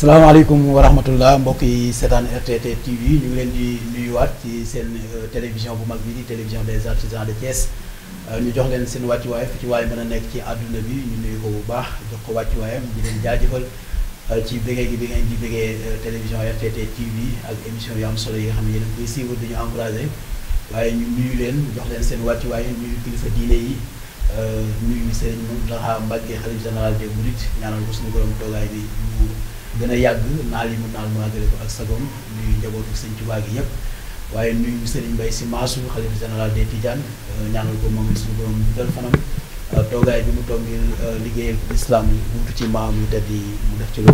salaamaaleykum wa rahmatullah mbokk yi seetaan RTT TV ñu ngi leen di nuyuwaat ci seen euh, télévision bu mag bi di télévision des artisans de Thiès euh, ñu jox leen seen wàccuwaay ci waay mën a nekk ci àdduna bi ñu bu baax jox ko wàccuwaayam di leen jaajëfal euh, ci bëggee gi bi ngeen di bëggee télévision RTT TV ak émission yu solo yi nga xam ne yéen a koy suivre dañu encouragé waaye ñu nuyu leen jox leen seen wàccuwaay nuyu kilifa diine yi nuyu Serigne Mountakha Mbacké xalif général des mourides ñaanal ko suñu borom toogaay bi ñu gën a yàgg naal yi mu naal mu àggale ko ak sagoom nuyu njabootu sëñ Tuubaa gi yëpp waaye nuyu Serigne Mbaye Sy Mansour xalifa général de Tidianes euh, ñaanal ko moom it suñu borom dal fanam euh, toogaay bi mu toog ngir euh, liggéeyal islam wutu ci maam yu tedd yi mu def ci lu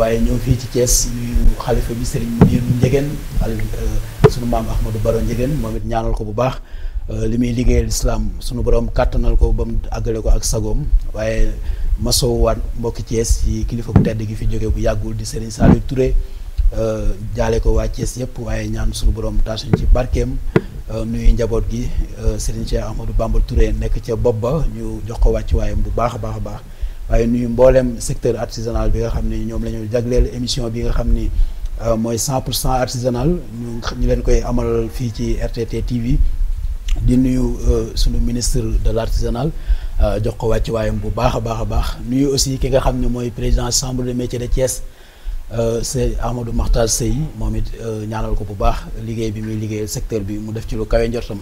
waaye ñëw fii ci Thiès nuyu xalifa bi Serigne Ndiiru Njegeen suñu maam Ahmadou Baro Njegeen moom it ñaanal ko bu baax li muy liggéeyal islam suñu borom kàttanal ko ba mu àggale ko ak sagoom waaye masowaan mbokki Thiès ci kilifa bu tedd gi fi jóge bu yàggul di Serigne Saliou Touré euh, jaale ko waa Thiès waaye ñaan suñu borom taasuñ ci barkeem euh, nuyu njaboot gi euh, Serigne Cheikh Ahmadou Bamba Touré nekk ca bopp ba ñu jox ko wàcc waayam bu baax a baax a baax waaye nuyu mbooleem secteur artisanal bi nga xam ne ñoom la ñu jagleel émission bi nga xam ni mooy 100 pour cent artisanal ñu ñu leen koy amal fii ci RTT TV di nuyu sunu ministre de l' artisanal Euh, jox ko wàcc waayam bu baax a baax a baax nuy aussi ki nga xam ne mooy président chambre de métier de Thiès euh, c'est Amadou maxtal Seye moom it euh, ñaaral ko bu baax liggéey bi muy liggéey secteur bi mu def ci lu kawe njortam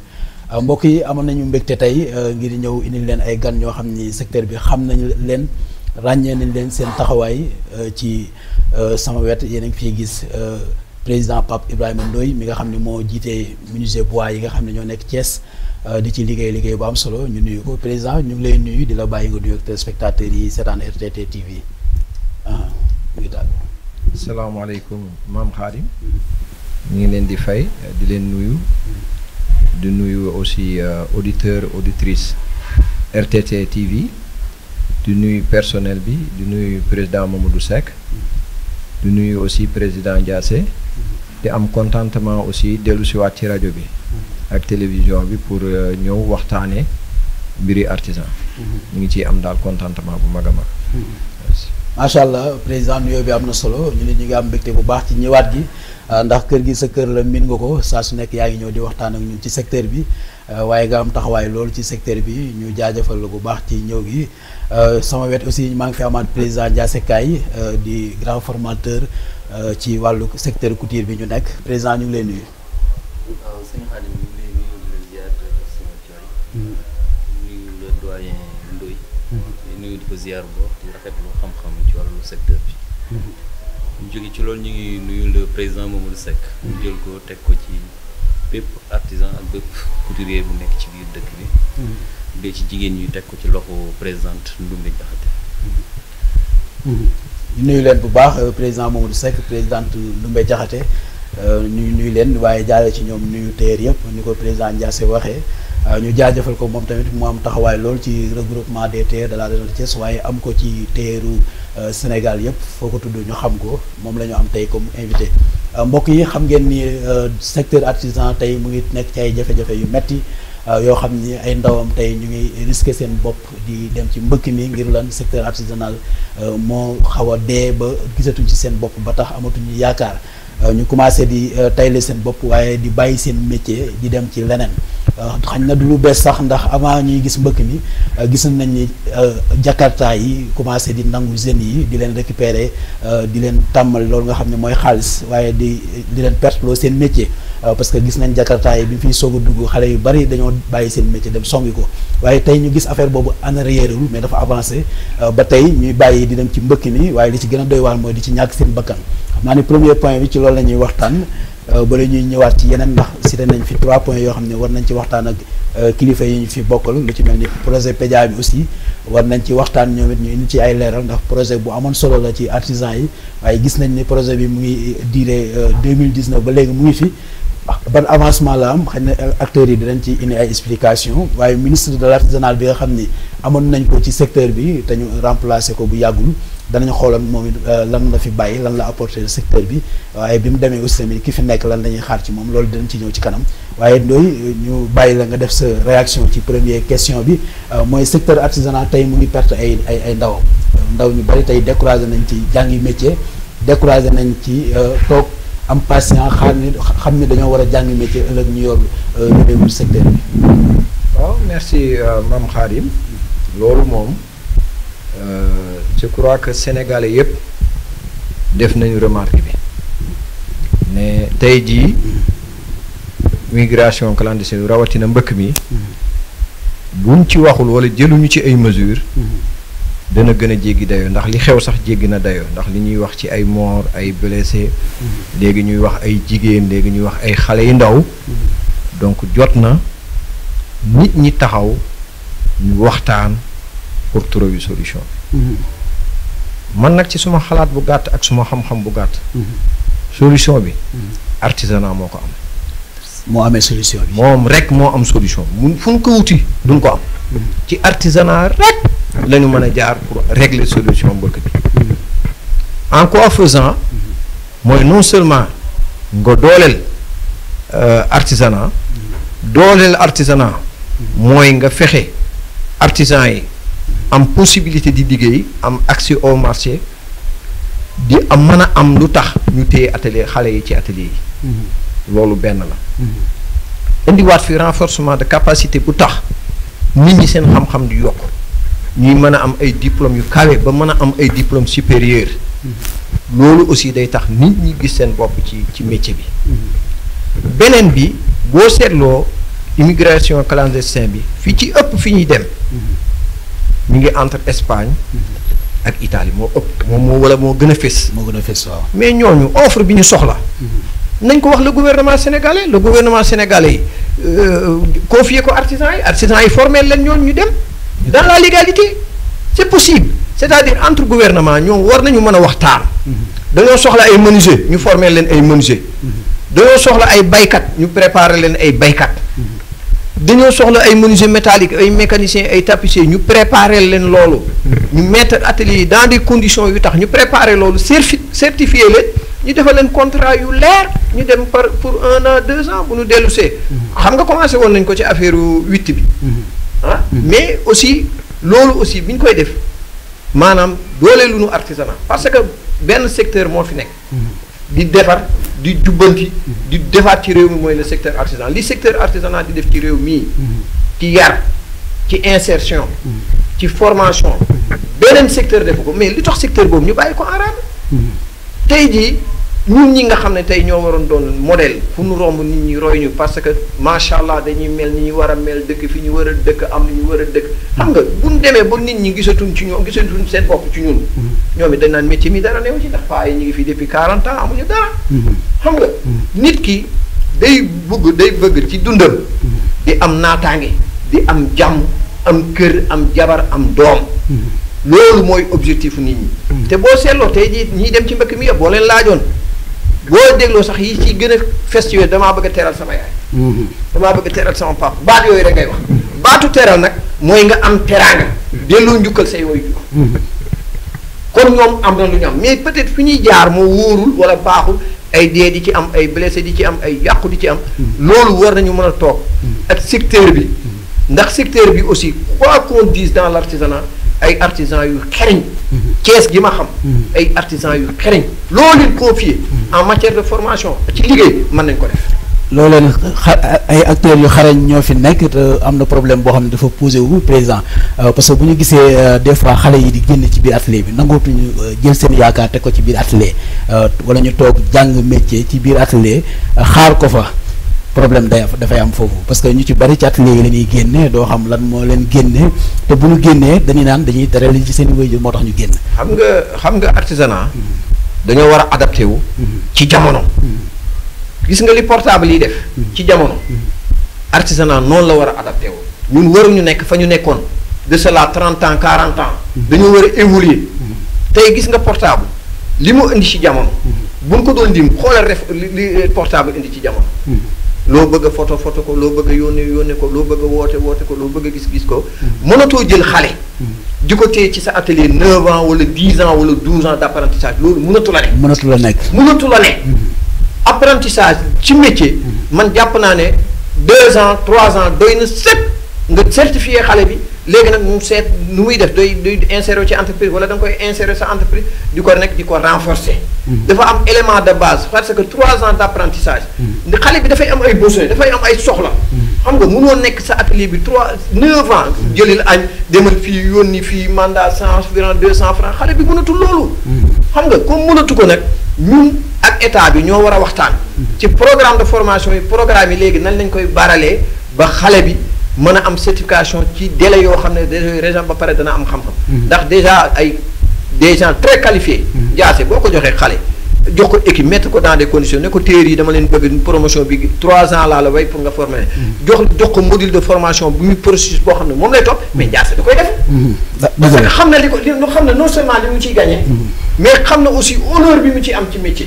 mbokk yi amoon nañu mbégte tey ngir ñëw indi leen ay gan ñoo xam ni secteur bi xam nañu leen ràññee nañ leen seen taxawaay ci sama wet yéen a ngi fiy gis. président Pape Ibrahima Ndoye mi nga xam ne moo jiitee menuisier bois yi nga xam ne ñoo nekk Thiès euh, di ci liggéey liggéey bu am solo ñu nuyu ko président ñu ngi lay nuyu di la bàyyi nga nuyu ak téléspectateurs yi seetaan RTT TV ah mu ngi daal. ngi leen di fay di leen nuyu. di nuyu aussi euh, auditeur auditrice RTT di nuyu personnel bi di nuyu président du Seck. di nuyu aussi président Ndiassé. di am contentement aussi dellu si waat ci rajo bi ak télévision bi pour euh, ñëw waxtaane mbiri artisan mu mm-hmm. ngi ciy am daal contentement bu mag a mag mm-hmm. macha allah président nuyoo bi am na solo ñu ne ñu ngi am mbégte bu baax ci ñëwaat gi euh, ndax kër gi sa kër la miin nga ko saa su nekk yaa ngi ñëw di waxtaan ak ñun ci secteur bi euh, waaye nga am taxawaay loolu ci secteur bi ñu jaajëfal la bu baax ci ñëw gi sama wet aussi maa ngi fi amaat président Ndiassé Kaye di grand Euh, ci wàllu secteur couture bi ñu nekk président ñu ngi lay nuyu. waaw sëñ Khadim ñu ngi lay nuyu di la ziar di la sama mm-hmm. cooy. Mm-hmm. xam-xam ci wàllu secteur bi. Mm-hmm. ñu jóge ci loolu ñu ngi nuyu le président Mamadou Seck. ñu jël ko teg ko ci bépp artisan ak bépp couturier bu nekk ci biir dëkk bi. bee ci jigéen ñi teg ko ci loxo présidente Ndoumbé Diakhaté. nuyu leen bu baax euh, président moom Mamadou Seck présidente Ndumbé Diakhaté euh, nuy nuyu leen waaye jaaree ci ñoom nuyu teer yëpp ni ko président Ndiasse waxee euh, ñu jaajëfal ko moom tamit mu am taxawaay lool ci regroupement des terres de la région de Thiès waaye am ko ci teeru Sénégal yëpp foo ko tudd ñu xam ko moom la ñu am tey comme invité mbokk yi xam ngeen ni secteur artisan tey mu ngi nekk ci ay jafe-jafe yu metti yoo xam ni ay ndawam tey ñu ngi risqué seen bopp di dem ci mbëkk mi ngir lan secteur artisanal euh, moo xaw a dee ba gisatuñ ci seen bopp ba tax amatuñu yaakaar euh, ñu commencé di euh, tayle seen bopp waaye di bàyyi seen métier di dem ci leneen Euh, xañ na du lu bees sax ndax avant ñuy gis mbëkk mi euh, gis nañ ni euh, jakarta yi commencé di nangu jeunes yi di leen récupérer di leen tàmmal loolu nga xam ne mooy xaalis waaye di di leen perteloo seen métier parce que gis nañ jakarta yi bi fiy soog a dugg xale yu bari dañoo bàyyi seen métier dem songi ko waaye tey ñu gis affaire boobu en arrière mais dafa avancé ba tey ñuy bàyyi di dem ci mbëkk mi waaye li ci gën a doy waar mooy di ci ñàkk seen bakkan xam naa ne bi ci loolu la ñuy waxtaan Euh, ba la ñuy ñëwaat ci yeneen ndax cité nañ fi trois points yoo xam ne war nañ ci waxtaan ak euh, yi ñu fi bokkal lu ci mel ni projet PEJA bi aussi war nañ ci waxtaan ñoom it ñu indi ci ay leeral ndax projet amoon solo la ci artisan yi waaye gis nañ ni projet bi mu ngi euh, diire 2019 ba léegi mu ngi fi ban avancement la am xëy na acteurs yi dinañ ci indi ay explication waaye ministre de l'artisanat bi nga xam ni amoon nañ ko ci secteur bi te ñu remplacer ko bu yàggul danañ xoolal moom it euh, lan la fi bàyyi lan la apporter secteur bi waaye bi mu demee aussi tamit ki fi nekk lan dañuy xaar ci moom loolu dinañ ci ñëw ci kanam waaye Ndoye ñu bàyyi la nga def sa réaction ci première question bi euh, mooy secteur artisanat tey mu ngi perte ay ay ay ndawam ndaw ñu bari tey découragé nañ ci jàngi métier découragé nañ ci euh, toog am patient xaar ni xam ni dañoo war a jàngi métier ëllëg ñu yor réewul secteur bi. waaw merci Mame Khadim loolu moom. Euh, je crois que sénégalais yëpp def nañu remarque bi ne tey jii migration clandestine rawatina mbëkk mi buñ ci waxul wala jëluñu ci ay mesures dana gën a jéggi dayoo ndax li xew sax jéggi na dayoo ndax li ñuy wax ci ay mort ay blessé léegi ñuy wax ay jigéen léegi ñuy wax ay xale yu ndaw donc jot na nit ñi taxaw ñu waxtaan pour trouver solution bi mm-hmm. man nag ci suma xalaat bu gàtt ak suma xam-xam bu gàtt mm-hmm. solution bi mm-hmm. artisanant moo ko am moo amee solution bi moom rek moo am solution mun fu ñu ko wuti duñ ko am ci artisanat rek la ñu mën a jaar pour régler solution mbëkk bi en quoi faisant mooy non seulement nga dooleel euh, artisanat dooleel artisanat mooy nga fexe artisan yi am possibilité di liggéey am accès au marché di am mën a am lu tax ñu téye atelier xale yi ci atelier yi mm-hmm. loolu benn la mm-hmm. indiwaat fi renforcement de capacité bu tax nit ñi seen xam-xam di yokk ñuy mën a am ay diplômes yu kawe ba mën a am ay diplômes supérieur mm-hmm. loolu aussi day tax nit ñi gis seen bopp ci ci métier bi beneen bi boo seetloo immigration clandestine bi fi ci ëpp fi ñuy dem ñu ngi entre Espagne mhm. ak Italie moo ëpp moom moo wala moo gën a fés. moo gën a fés waaw mais ñooñu offre bi ñu soxla. Mhm. nañ ko wax le gouvernement sénégalais le gouvernement sénégalais yi euh, confier ko artisans yi artisans yi formé leen ñooñu ñu dem. dans la légalité c'est possible c'est-à-dire entre gouvernement ñoom war nañu mën a waxtaan. Mhm. dañoo soxla ay menuisiers ñu former leen ay menuisiers. dañoo soxla ay baykat ñu préparer leen ay baykat. dañoo soxla ay menuisiers métalliques ay mécaniciens ay tapissiers ñu préparer leen loolu. ñu mettre atelier yi dans des conditions yu tax ñu préparer loolu certifi certifier leen ñu defal leen contrat yu leer ñu dem par pour un an deux ans bu ñu dellu xam nga commencé woon nañ ko ci affaire huit bi. Ah, mais aussi loolu aussi bi ñu koy def maanaam doole lu nu artisanat parce que benn secteur moo fi nekk. di defar. di jubbanti di defaat ci réew mi mooy le secteur artisanal li secteur artisanal di def ci réew mii ci yar ci insertion ci formation beneen secteur defu ko mais li tax secteur boobu ñu bàyyi ko en mm-hmm. tey jii ñun ñi nga xam ne tey ñoo waroon doon modèle fu nu romb nit ñi roy ñu parce que macha allah dañuy mel ni ñu war a mel dëkk fi ñu war a dëkk am ni ñu war a dëkk xam nga bu demee ba nit ñi gisatuñ ci ñoom gisatuñ seen bopp ci ñun mm-hmm. ñoom it dañ naan métier mi dara neew ci ndax paa yi ñu ngi fi depuis 40 ans amuñu dara mm-hmm. xam nga mm-hmm. nit ki day bëgg day bëgg ci dundam di am naataange di am jàmm am kër am jabar am doom loolu mooy objectif nit ñi te boo seetloo tey ñi ñiy dem ci mbëkk mi yëpp boo leen laajoon boo dégloo sax yi ci gën a festivé damaa bëgg a teeral sama yaay. Mhm. damaa bëgg a teeral sama papa baat yooyu rek ngay wax. baatu teeral nag mooy nga am teraanga. delloo njukkal sa woy jur. Mhm. kon ñoom am na lu ñu am mais peut-être fi ñuy jaar moo wóorul walla baaxul ay dee di ci am ay blessé di ci am ay yàqu di ci am. Mhm. loolu war nañu mën a toog. ak secteur bi. ndax secteur bi aussi quoi qu'on dise dans l'artisanat ay artisan yu xereñ mm-hmm. Thiès gi ma xam mm-hmm. ay artisan yu xereñ loo leen confier mm-hmm. en matière de formation ci liggéey mën nañ ko def loolu leen ay acteurs yu xarañ ñoo fi nekk am na problème boo xam ne dafa posé wu président euh, parce que bu ñu gisee euh, des fois xale yi di génn ci biir atelier bi nangootuñu euh, jël seen yaakaar teg ko ci biir atelier wala ñu toog jàng métier ci biir atelier xaar ko fa problème day dafay am foofu parce que ñu ci bari ci atelier yi la ñuy génne doo xam lan moo leen génne te bu ñu génnee dañuy naan dañuy tere li ci seen wéyjur moo tax ñu génn. xam nga xam nga artisanat. dañoo war a adapté wu. ci jamono. gis nga li portable yi def. ci jamono. artisanat noonu la war a adapté wu. ñun waruñu nekk fa ñu nekkoon de cela trente ans quarante ans. dañoo war a évoluer. tey gis nga portable li mu indi ci jamono. buñ ko doon lim xoolal ref li indi ci jamono. loo bëgg a photo photo ko loo bëgg a yónnee ko loo bëgg a woote woote ko loo bëgg a gis gis ko mm-hmm. mënatoo jël xale mm-hmm. di ko téye ci sa atelier 9 ans wala 10 ans wala 12 ans d' apprentissage loolu mënatu la ne mënatu la nekk mënatu la ne mm-hmm. apprentissage ci métier man jàpp naa ne 2 ans 3 ans doy na sëkk nga certifié xale bi léegi nag mu seet nu muy def doy doy insérer ci entreprise wala da nga koy insérer sa entreprise di ko nekk di ko renforcer. Mm-hmm. dafa am élément de base parce que trois ans d' apprentissage. Mm-hmm. xale bi dafay am ay besoins dafay am ay soxla. Mm-hmm. xam nga mënoo nekk sa atelier bi trois neuf ans. jëlil añ demal fii yónni fii mandat cent franc deux cent franc xale bi mënatul loolu. xam nga comme mënatu ko nag ñun ak état bi ñoo war a waxtaan. ci programme de formation yi programme yi léegi nan lañ koy baralee ba xale bi. mën a am certification ci délai yoo xam ne délai région ba pare dana am xam-xam. Mhm. ndax déjà ay des gens très qualifiés. Mhm. jaase boo ko joxee xale. jox ko équipe mettre ko dans des conditions ne ko téer yi dama leen bëgg promotion bi trois ans laa la way pour nga former mhm. jox jox ko module de formation bu muy processus boo xam ne moom lay topp mais jaase da koy def. parce que xam na li ko li xam ne non seulement li mu ciy gagné. mais xam na aussi honneur bi mu ciy am ci métier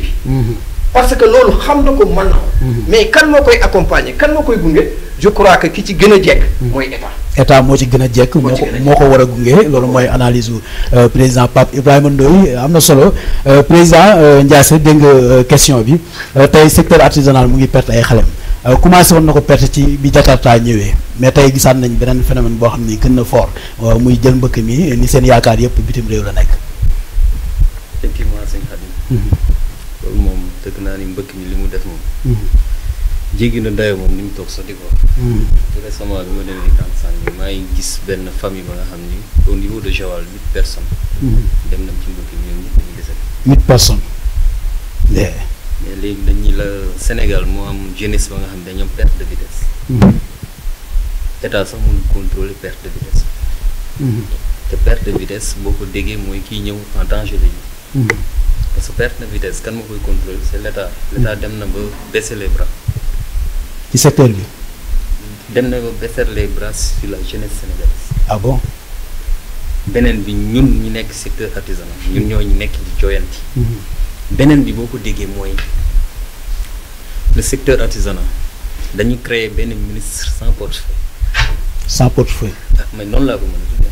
parce que loolu xam na ko mën na ko. mais kan moo koy accompagner kan moo koy gunge. je crois que ki ci gën a jekk mooy état état moo ci gën a jekk moo ko moo ko war a gunge loolu mooy analyse u euh, président Pape Ibrahima Ndoye am na solo euh, président euh, Ndiasse dégg nga question bi tey secteur artisanal mu ngi perte ay xalem commencé woon na ko perte ci bi Jakarta ñëwee mais tey gisaat nañ beneen phénomène boo xam ni gën na foor muy jël mbëkk mi ni seen yaakaar yëpp bitim réew la nekk effectivement sëñ Khadim mm-hmm. loolu moom dëgg naa ni mbëkk mi li mu def moom mm-hmm. jéggi na dayoo moom ni mu toog sax di ko wax. Hmm. tout bi ma demee Kansan bi maa ngi gis benn famille ba nga xam ni au niveau de Joal huit personnes. Hmm. dem nañ ci mbokk yi ñoom ñëpp ñu desal. huit personnes. mais léegi dañuy la Sénégal moo am jeunesse ba nga xam ne dañoo am perte de vitesse. Hmm. état sax mënul contrôler perte de vitesse. te perte de vitesse boo ko déggee mooy kii ñëw en danger la que perte de vitesse kan moo koy contrôler c' est l' état. dem na ba baisser les bras. ci secteur bi. dem na ba baisser les bras sur la jeunesse sénégalaise. Ah beneen bi ñun ñu nekk secteur artisanal ñun ñoo ñu nekk di jooyanti. Mhm. beneen bi boo ko déggee mooy le secteur artisanal dañu créer benn ministre sans portefeuille. sans portefeuille. ah laa ko mën a tuddee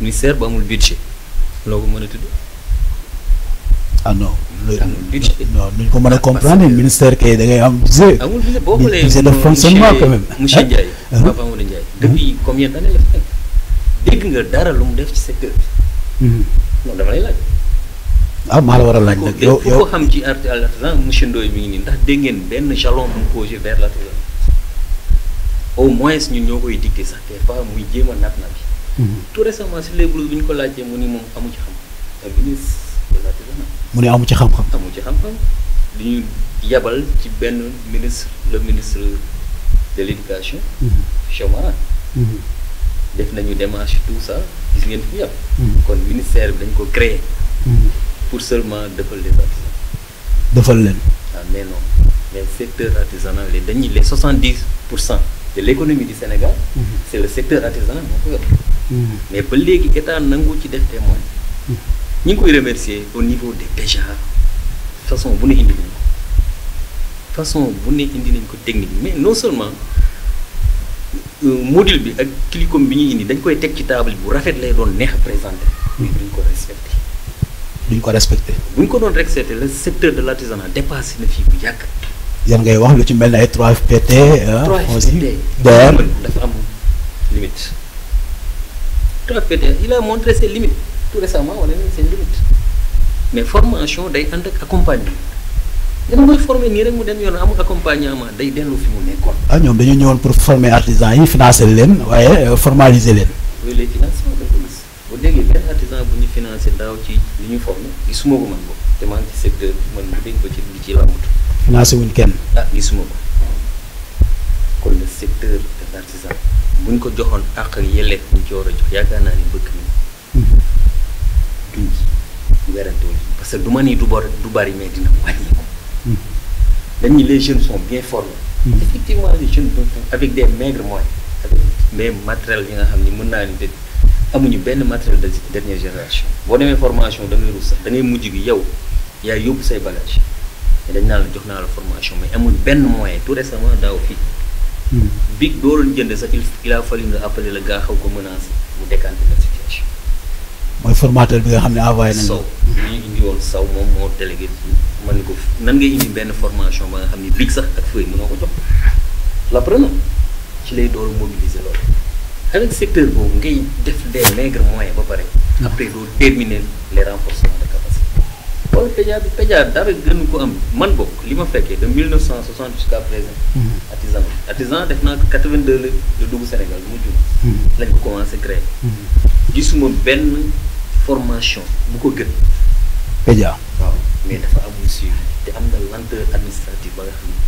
ministère bu amul budget loo ko mën a tuddee. ah non. Ah, non duñ ah, ko mën a comprendre da ngay am budget. amul budget boo xoolee budget de fonctionnement quand même. Ah, dégg nga dara lu mu def ci secteur bi. Hmm. non dama lay laaj. maa la war a laaj nag. yow yow ko xam ci artisanat monsieur Ndoye mi ngi nii ndax dégg ngeen benn jalon bu mu posé vers l'artisanat au moins ñun ñoo koy dicté sax des fois muy jéem nat na bi tout récemment si ko laajtee mu ni moom amu ci xam mu ne amu ci xam-xam. amu ci xam-xam li ñu yebal ci benn ministre le ministre de l' éducation. Mm-hmm. Mm-hmm. def nañu démarche tout ça gis ngeen fi yàpp mm-hmm. kon ministère bi dañ ko créer pour seulement defal les artisans. defal leen. ah mais non mais secteur artisanal les dañuy les soixante dix pour cent de l' di du Sénégal. c' est le secteur artisanal moo ko yor. mais ba léegi état nangoo ci def des moyens. ñu ngi koy remercier au niveau des déjà façon bu ne indi nañ ko bu ne indi nañ ko technique mais non seulement euh, module bi ak kilicom bi ñu indi dañ koy teg ci table bu rafet lay doon neex a présenté mais duñ ko respecté duñ ko respecté buñ ko doon respecté le secteur de l'artisanat dépassé na fii bu yàgg yan ngay wax lu ci mel ne ay 3FPT 3FPT dafa am limite 3FPT il a montré ses limites tout récemment wala nañ seen limite mais formation day ànd ak accompagnement dina mooy former nii rek mu dem yoon amul accompagnement day dellu fi mu nekkoon. ah ñoom dañu ñëwoon pour former artisans yi financer leen waaye euh, formaliser leen. yooyu les financements de police boo déggee benn artisan ñu financé daaw ci li ñu formé gisuma ko man ko te maa ngi ci secteur man bu dégg ko ci li ci làmbatu. financé wuñ kenn. ah gisuma ko kon le secteur de l' artisan buñ ko joxoon àq ak yelleef ñu ci war a jox yaakaar naa ni bëgg duñ ci werante parce que du ma ni du bari mais dina wàññeeku. dañuy les jeunes sont bien formés. Hmm. effectivement les jeunes avec des maigres moyens avec mais matériel yi nga xam ni mën naa ni de amuñu benn matériel de dernière génération boo demee formation da ngay sax da ngay mujj gi yow yaay yóbbu say bagage dañ naan la jox naa la formation mais amul benn moyen tout récemment daaw fii. Hmm. big doo doon jënd sax il a fallu nga appeler le xaw ko menacer mu décanter la situation. mooy formateur bi nga xam ne envoyé nañu. Sow ñu indi woon Sow moom moo délégué man ni ko nan ngay indi benn formation ba nga xam ne biig sax ak feuille mënoo ko jox la ci lay door mobiliser loolu avec secteur boobu ngay def des maigres moyens ba pare. Ah. après doo terminer les renforcements de capacité. wala PEJA bi PEJA dara ko am man bokk li ma fekkee de 1960 jusqu'à présent. Hmm. artisan artisan def naa ko 82 la de dugg Sénégal mu jub. Hmm. lañ ko commencé créer. Hmm. formation bu ko gën. média waaw mais dafa amul suivi te am na lenteur administrative ba nga xam ne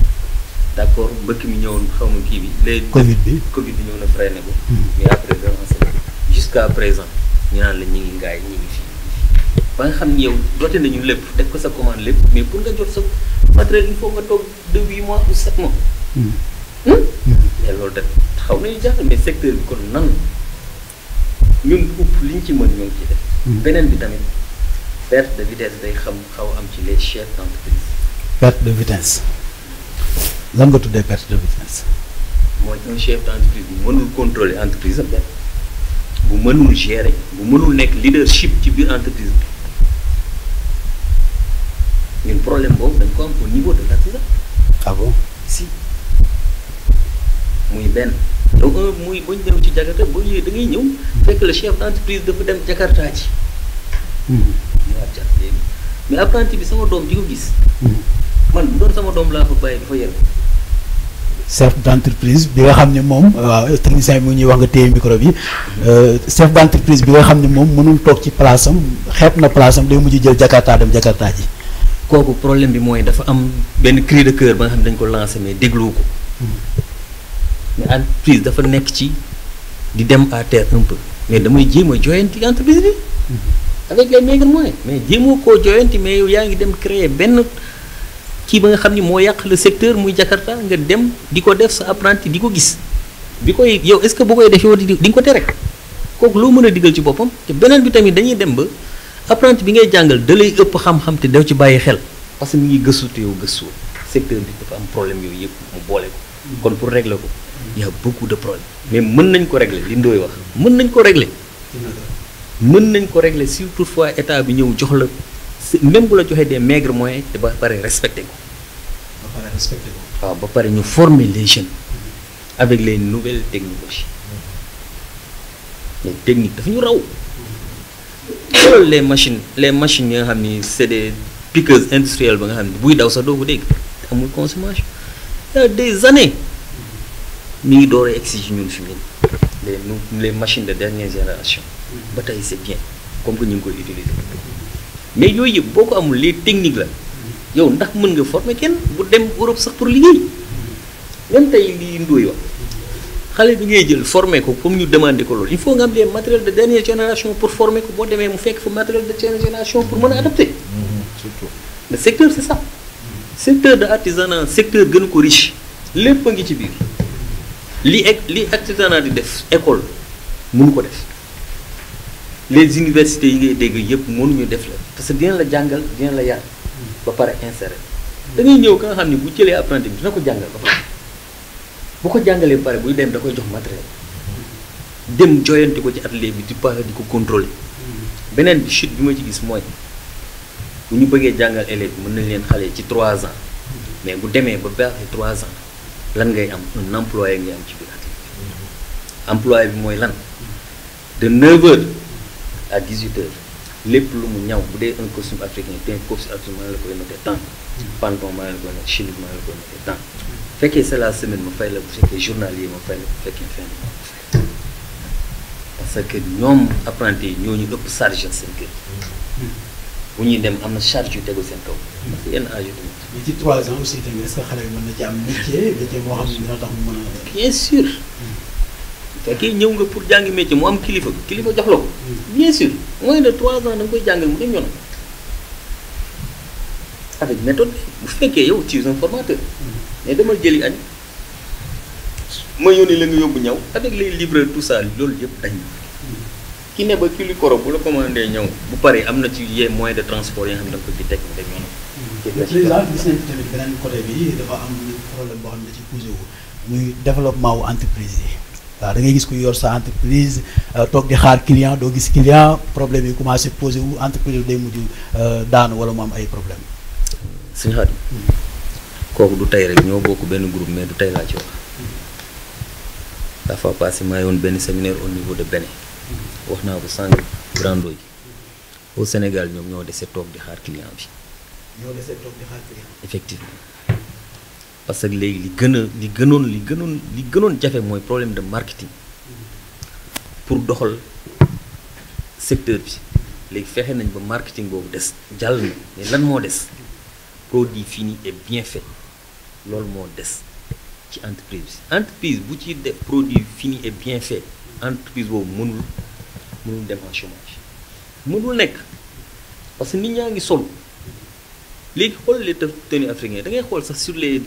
d' accord mbëkk mi ñëwoon xaw ma kii bi. léegi Covid bi Covid bi ñëw na freiné ko. Hmm. mais après la ñi ngi ngaay ngi fii. ba nga xam ni yow doote nañu lépp def ko sa commande lépp mais pour nga jot sa matériel il faut nga toog de huit mois ou sept mois. Hmm. Hmm? mais loolu def xaw nañu jaaxal mais secteur bi kon nan ñun upp li ñu ci mën ñoo ngi def. Hmm. beneen bi tamit perte de vitesse day xam xaw am ci les chefs d'entreprise. perte de vitesse lan tuddee perte de vitesse. mooy un chef d'entreprise bu mënul contrôler entreprise am bu mënul gérer bu mënul nekk leadership ci biir entreprise bi ñun problème boobu dañ ko am au niveau de l'artisanat. ah bon si muy benn. donc euh, muy bañ ñëw ci Jakarta boo ñëwee da ngay ñëw fekk la chef d' entreprise dafa dem Jakarta hmm. ci mais apprenti bi sama doom di ko gis hmm. man bu doon sama doom laa fa bàyyi dafa yem chef d' bi nga xam ne moom waaw technicien bi ñuy wax nga téye micro bi euh, chef d' entreprise bi nga xam ne moom mënul toog ci place am xeeb na place am day mujj jël Jakarta dem Jakarta ji kooku problème bi mooy dafa am benn cri de cœur ba nga xam ne dañ ko lancé mais déglu ko hmm. mais entreprise dafa nekk ci di dem à terre un mais damay jéem a joyanti entreprise bi avec les maigres moyens mais jéemoo koo joyanti mais yow yaa ngi dem créer benn kii ba nga xam ni moo yàq le secteur muy Jakarta nga dem di ko def sa apprenti di ko gis bi koy yow est-ce que bu koy def yow di nga ko rek kooku loo mën a digal ci boppam te beneen bi tamit dañuy dem ba apprenti bi ngay jàngal da ëpp xam-xam te def ci bàyyi xel parce que mi ngi gëstu te yow gëstu secteur bi am problème yooyu yëpp mu kon pour régler ko y a beaucoup de problèmes mais mën nañ ko régler li Ndoye wax mën nañ ko régler mën nañ ko régler si fois état bi ñëw jox la même bu la joxee des maigres moyens te ba pare respecté ko. ba waaw ba pare ñu former les jeunes avec les nouvelles technologies les techniques dafa ñu raw. xoolal les machines les machine yi nga xam ni c'est des piqueuses industrielles ba nga xam ni buy daw sax doo ko dégg te amul des années. mi ngi door a egsi si ñun les les machines de dernière génération ba tey c'est bien comme que ñu ngi koy utiliser mais yooyu yëpp boo ko amul les techniques la yow ndax mën nga former kenn bu dem Europe sax pour liggéey même tey lii Ndoye wax xale bi ngay jël former ko comme ñu demande ko loolu il faut nga am les matériels de dernière génération pour former ko boo demee mu fekk fa matériel de dernière génération pour mën a adapté mmh, surtout le secteur c'est ça secteur de artisanat secteur gën ko lépp a ngi ci biir li li artisanat di def école mënu ko def les universités yi ngay dégg yëpp mënuñu def la parce que dina la jàngal dina la yar ba pare insérer da ngay ñëw ka nga xam ne bu jëlee apprenti bi dina ko jàngal ba pare bu ko jàngalee ba pare buy dem da koy jox matériel dem joyante ko ci atelier bi di pare di ko contrôler beneen bi chute bi ma ci gis mooy bu ñu bëggee jàngal élève bi mën nañ leen xale ci trois ans mais bu demee ba baaxee 3 ans. lan ngay am un employé ngay am ci biir activité employé bi mooy lan de 9 heures à 18 heures lépp lu mu ñaw bu dee un costume africain te un costume africain la koy noté temps pantalon maa la koy noté chemise maa la koy noté temps mm-hmm. fekkee c'est la semaine ma fay la bu fekkee journalier ma fay la bu fekkee fin de parce que ñoom apprenti yi ñoo ñu ëpp sarge seen kër mm-hmm. bu ñuy dem am na charge yu tegu seen kaw mm-hmm. parce que yenn âge yu mais ci trois ans aussi tamit est-ce que xale bi mën am métier métier moo xam ne dina bien sûr. Hmm. fekkee ñëw nga pour jàngi métier mu am kilifa kilifa jox la ko. Hmm. bien sûr moins de trois ans da nga koy jàngal mu dem yoon. avec méthode bu fekkee yow tu es un formateur. Hmm. mais dama jëli añ ma yónni la nga yóbbu ñaw avec les libre tout loolu yëpp dañ ki ne ba kili koro bu la commandé ñëw bu paree am na ci yee moyens de transport yoo xam ne da nga ko ci teg mu président gis nañ tamit côté bi dafa am problème boo xam ne ci posé wu muy développement wu entreprise yi waaw da ngay gis ku yor sa entreprise euh, toog di xaar client doo gis client problème yi commencé posé wu entreprise bi day mujj euh, daanu wala mu am ay problème suñu xarit kooku du tey rek ñoo bokk benn groupe mais du tey laa ci wax dafa passé maa benn séminaire au niveau de Bénin wax naa ko sànq grando yi au Sénégal ñoom ñoo dese toog di xaar client bi ñoo dese toog di effectivement parce que léegi li gën a li gënoon li gënoon li gënoon jafe mooy problème de marketing pour doxal secteur bi léegi fexe nañ ba marketing boobu des jàll na mais lan moo des produit fini et bien fait loolu moo des ci entreprise bi entreprise bu ci de produit fini et bien fait entreprise boobu mënul mënul dem bi chômage mënul nekk parce que nit ñaa ngi sol léegi xool les tenues africaines da ngay xool sax sur les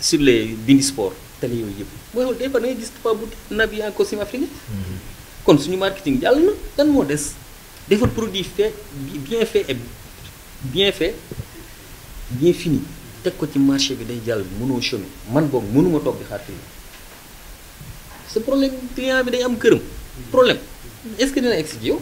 sur les bindi sport télé yooyu yëpp booy xool des fois da ngay gis tubaab bu nabi en africain mhm. kon suñu marketing jàll na lan moo des defar produit fait bien fait bien fait bien fini teg ko ci marché bi day jàll mënoo chemin man boog mënuma toog di xaar fii problème client bi day am këram problème est que dina egsi yow.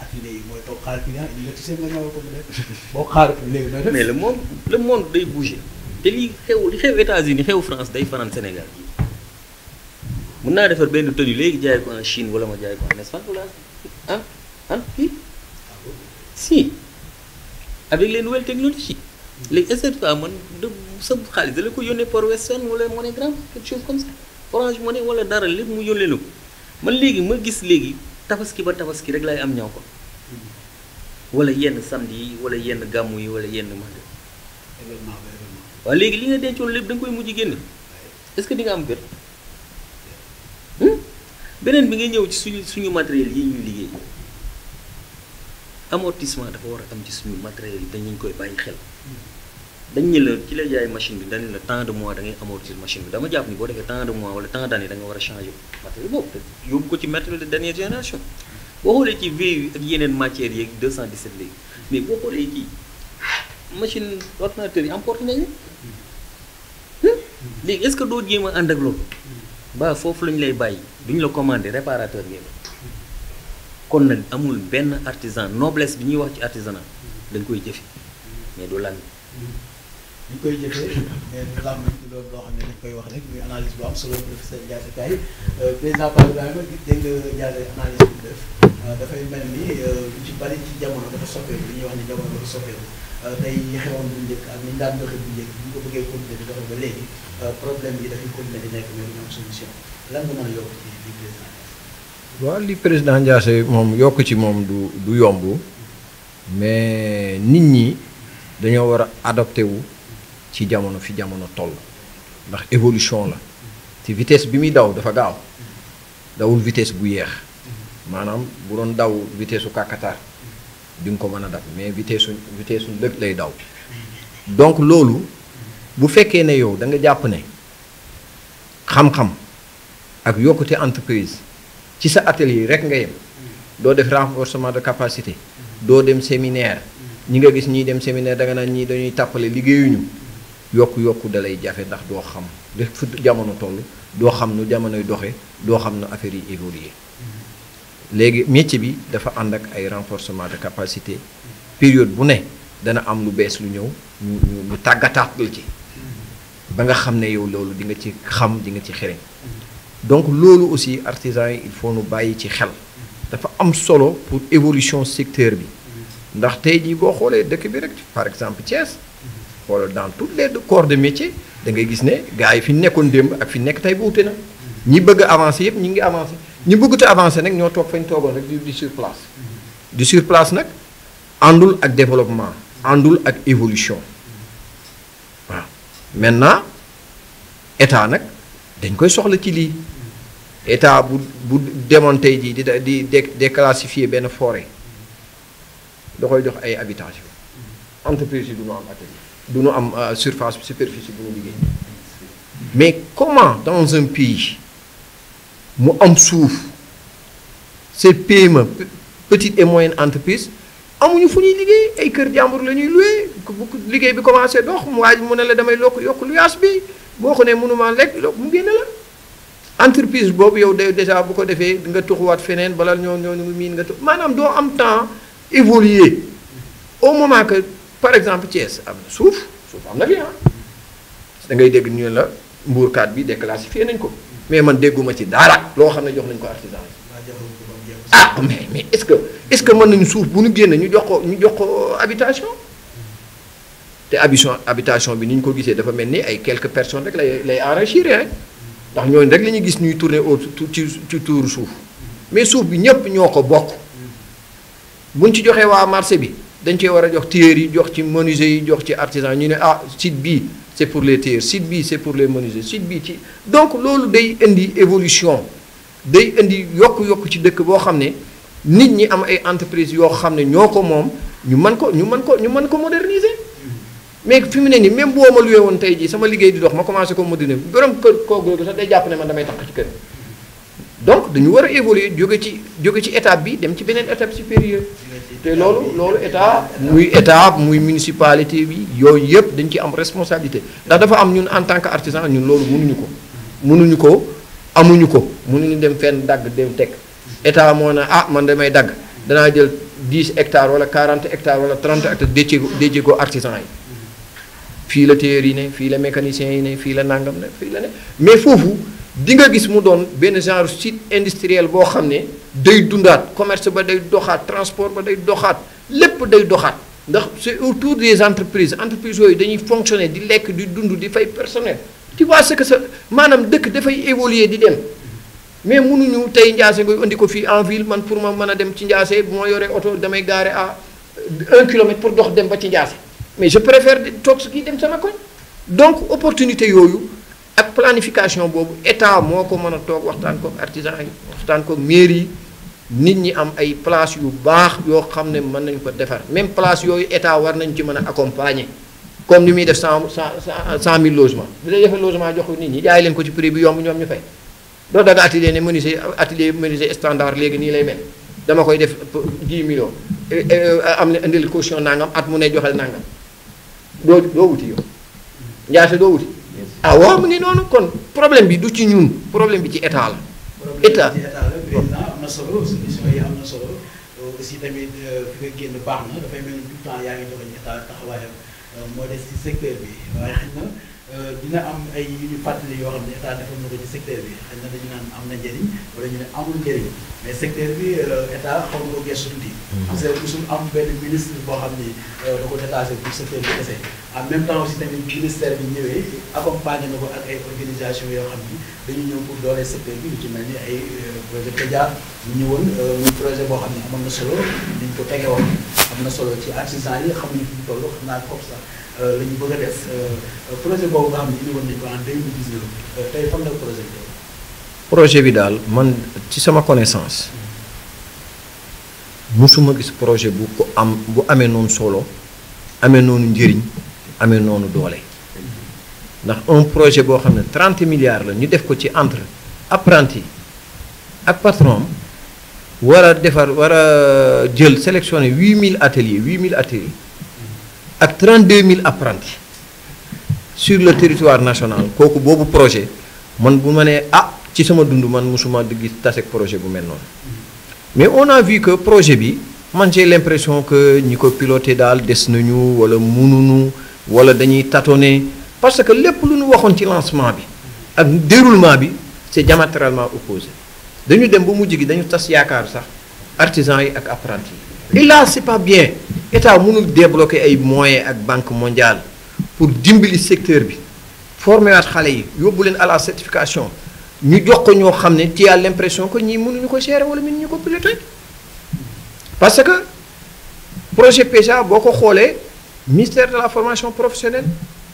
affiné yi mooy toog xaar client indi nga tisee nga ñëwal ko mu def boo xaaratul léegi mais le monde le monde day bouger te li xew li xew États-Unis xew France day faral Sénégal mun naa defar benn tenue léegi jaay ko en Chine wala ma jaay ko en Espagne wala ah ah fii si avec les nouvelles technologies. léegi est-ce que man de sa xaalis dala ko yónnee par Western wala MoneyGram quelque chose comme ça Orange Money wala dara lépp mu yónnee ko man léegi ma gis léegi. tabaski ba tabaski rek lay am ñaw ko wala yenn samedi yi wala yenn gàmmu yi wala yenn mag waaw léegi li nga dencoon lépp da koy mujj génne est-ce que di nga am kër hmm? beneen bi ngay ñëw ci suñu suñu matériel yi ñuy liggéey amortissement dafa war a am ci suñu matériel yi dañu koy bàyyi xel hmm. dañ ne la ci lay jaay machine bi dañ la tant de mois da ngay amortir machine bi dama jàpp ni boo defee tant de mois wala tant d' année da nga war a changer matériel boobu te yóbbu ko ci matériel de dernière génération boo xoolee ci VU ak yeneen matières yeeg 217 machine ordinateur yi emporté nañu hmm? léegi est ce que doo jéem a ànd ak loolu ba foofu lañ lay bàyyi duñ la commandé réparateur ngeen kon nag amul benn artisan noblesse bi ñuy wax ci artisanat dañ koy jëfe mais du lan ñu koy jëfee mais ñu làmb loo xam ne dañ koy wax rek muy analyse bu am solo professeur Ndiaye Kaye euh, président dégg nga Ndiaye analyse bi def euh, dafay mel ni euh, lu ci bari ci jamono dafa soppeeku li ñuy wax ne jamono dafa soppeeku ba léegi problème yi dafay continuer li président waaw li moom yokk ci moom du du yomb mais nit ñi dañoo war a adopté wu ci jamono fi jamono toll ndax évolution la te vitesse bi muy daw dafa gaaw dawul vitesse bu yeex maanaam bu doon daw vitesse su kàkkatar di nga ko mën a dab mais vitesse su vitesse su lëg lay daw donc loolu bu fekkee ne yow da nga jàpp ne xam-xam ak yokkute entreprise ci sa atelier rek nga yem doo def renforcement de capacité doo dem seminaire ñi nga gis ñiy dem séminaire da naa naan ñii dañuy tàppale liggéeyuñu yokk yokku dalay jafe ndax doo xam li fu jamono toll doo xam nu jamonoy doxe doo xam nu affaire yi évoluer léegi métier bi dafa ànd ak ay renforcement de capacité période bu ne dana am lu bees lu ñëw ñu ñu tàggataat la ci ba nga xam ne yow loolu di nga ci xam di nga ci xereñ donc loolu aussi artisans yi il faut nu bàyyi ci xel dafa am solo pour évolution secteur bi ndax tey jii boo xoolee dëkk bi rek par exemple Thiès xoolal dans tous les corps de métier da ngay gis ne gars yi fi nekkoon démb ak fi nekk tey bu wute na ñi bëgg a avancer yëpp ñi ngi avancé ñi bëggut a avancer nag ñoo toog fañ toogoon rek di sur place mm-hmm. di sur place nag àndul ak développement àndul ak évolution waaw maintenant état nag dañ koy soxla ci lii état bu bu demoon tey jii di di déclassifier benn forêt da koy jox ay habitation mm-hmm. entreprise yi du ma am atelier du ñu am euh, surface superficie bu ñu liggéey mais comment dans un pays mu am suuf ces PME petite et moyenne entreprise amuñu fu ñuy liggéey ay kër jàmbur la ñuy loué bu liggéey bi commencé dox mu waaj mu ne la damay lokk yokk luyaas bi boo ko nee mënumaa lekk mu génne la entreprise boobu yow de déjà bu ko defee nga toxuwaat feneen bala ñoo ñoo ñu miin nga tux maanaam doo am temps évoluer au moment que par exemple Thiès am na suuf suuf am na fi ah ngay dégg ñu la mbuurkaat bi déclassifié nañ ko mais man dégguma ci dara loo xam ne jox nañ ko artisan yi ah mais mais est-ce que est-ce que mën nañu suuf bu ñu génn ñu jox ko ñu jox ko habitation te habitation habitation bi ni ñu ko gisee dafa mel ni ay quelques personnes rek lay lay enrichir rek ndax ñooñu rek la ñuy gis ñuy tourner au ci ci tuuru suuf mais suuf bi ñëpp ñoo ko bokk buñ ci joxee waa marché bi. dañ cee war a jox tailleurs yi jox ci menuisiers yi jox ci artisans ñu ne ah site bii c'est pour le tailleurs site bi c'est pour les menuisiers site bii ci donc loolu day indi évolution day indi yokk-yokk ci dëkk boo xam ne nit ñi am ay entreprises yoo xam ne ñoo ko moom ñu mën ko ñu mën ko ñu mën ko moderniser mais fi mu ne nii même boo ma luwee woon tey jii sama liggéey di dox ma commencé ko moderniser borom kër koo googu sax day jàpp ne man damay takk ci kër donc dañu war a évoluer jóge ci jóge ci étape bi dem ci beneen étape supérieure te loolu loolu état muy état muy municipalité bi yooyu yëpp dañu ci am responsabilité ndax dafa am ñun en tant que artisan ñun loolu mënuñu ko mënuñu ko amuñu ko mënuñu dem fenn dagg dem teg état moo ne ah man damay dagg danaa jël 10 hectares wala quarante hectares wala 30 hectares déccee ko ko artisan yi fii la tailleur yi ne fii la mécanicien yi ne fii la nangam ne fii la ne mais foofu di nga gis mu doon benn genre site industriel boo xam ne day dundaat commerce ba day doxaat transport ba day doxaat lépp day doxaat ndax c'est autour des entreprises entreprises yooyu dañuy fonctionner di lekk di dund di fay personnel tu vois ce que ça maanaam dëkk dafay évoluer di dem mais munuñu tey Ndiassé nga indi ko fii en ville man pour ma mën a dem ci Ndiassé bu ma yoree oto damay gaare à un kilomètre pour dox dem ba ci Ndiassé mais je préfère toog si kii dem sama koñ donc opportunité yooyu ak planification boobu état moo ko mën a toog waxtaan kook artisan yi yi nit ñi am ay place yu baax yoo xam ne mën nañ ko defar même place yooyu état war nañ ci mën a accompagner comme ni muy def cent cent cent mille logements bu dee defee logement jox ko nit ñi jaay leen ko ci prix bi yomb ñoom ñu fay doo daga atelier ne menuisier atelier menuisier standard léegi nii lay mel dama koy def 10 millions eh, eh, eh, am na indil caution nangam at mu ne joxel nangam doo doo wuti yow njaate doo wuti ah waaw mu ngi noonu kon problème bi du ci ñun problème bi ci état na solo sa mission yi am na solo aussi tamit euh, fi nga génn baax na dafay mel ni tout le temps yaa ngi joxe état taxawaayam euh, moo des ci secteur bi waaye xëy na. Euh, dina am ay yu yoo xam ne état defoon na ko ci secteur bi xëy na dañu naan am na njëriñ wala ñu ne amul njëriñ mais secteur bi euh, état xaw nga ko tuuti. Mm-hmm. parce que mosul am benn ministre boo xam ni euh, da ko détaché pour secteur bi kese. en même temps aussi tamit ministère bi ñëwee accompagné na ko ak ay yoo xam ni dañu ñëw pour dooleel secteur bi lu ci mel ni ay projet PEJA ñu ñëwoon projet boo xam ne amoon na solo ni ko tege woon am na solo ci artisan yi xamuñu fi mu toll xam naa sax Euh, la ñu a def euh, projet boobu nga xam ne indi euh, projet bi daal man ci sama connaissance hmm. musuma gis projet bu ko am bu amee noonu solo amee noonu njëriñ amee noonu doole ndax un projet boo xam ne trente milliards la ñu def ko ci entre apprenti ak patron war a defar war a jël sélectionné 8000 ateliers 8000 ateliers. ak 32 000 apprentis sur le territoire national kooku boobu projet man bu ma nee ah ci sama dund man mosuma di gis tasek projet bu mel noonu mais on a vu que projet bi man j'ai l'impression que ñi ko piloté daal des nañu wala mënuñu wala dañuy tâtonner parce que lépp lu nu waxoon ci lancement bi ak déroulement bi c'est diamétralement opposé dañu dem ba mujj gi dañu tas yaakaar sax artisans yi ak apprentis yi et là pas bien état mënul débloquer ay moyen ak banque mondiale pour dimbali secteur bi former xale yi yóbbu leen à la certification ñu jox ko ñoo xam ne tu as l'impression que ñii mënuñu ko gérer wala ñu ko piloter parce que projet PEJA boo ko xoolee ministère de la formation professionnelle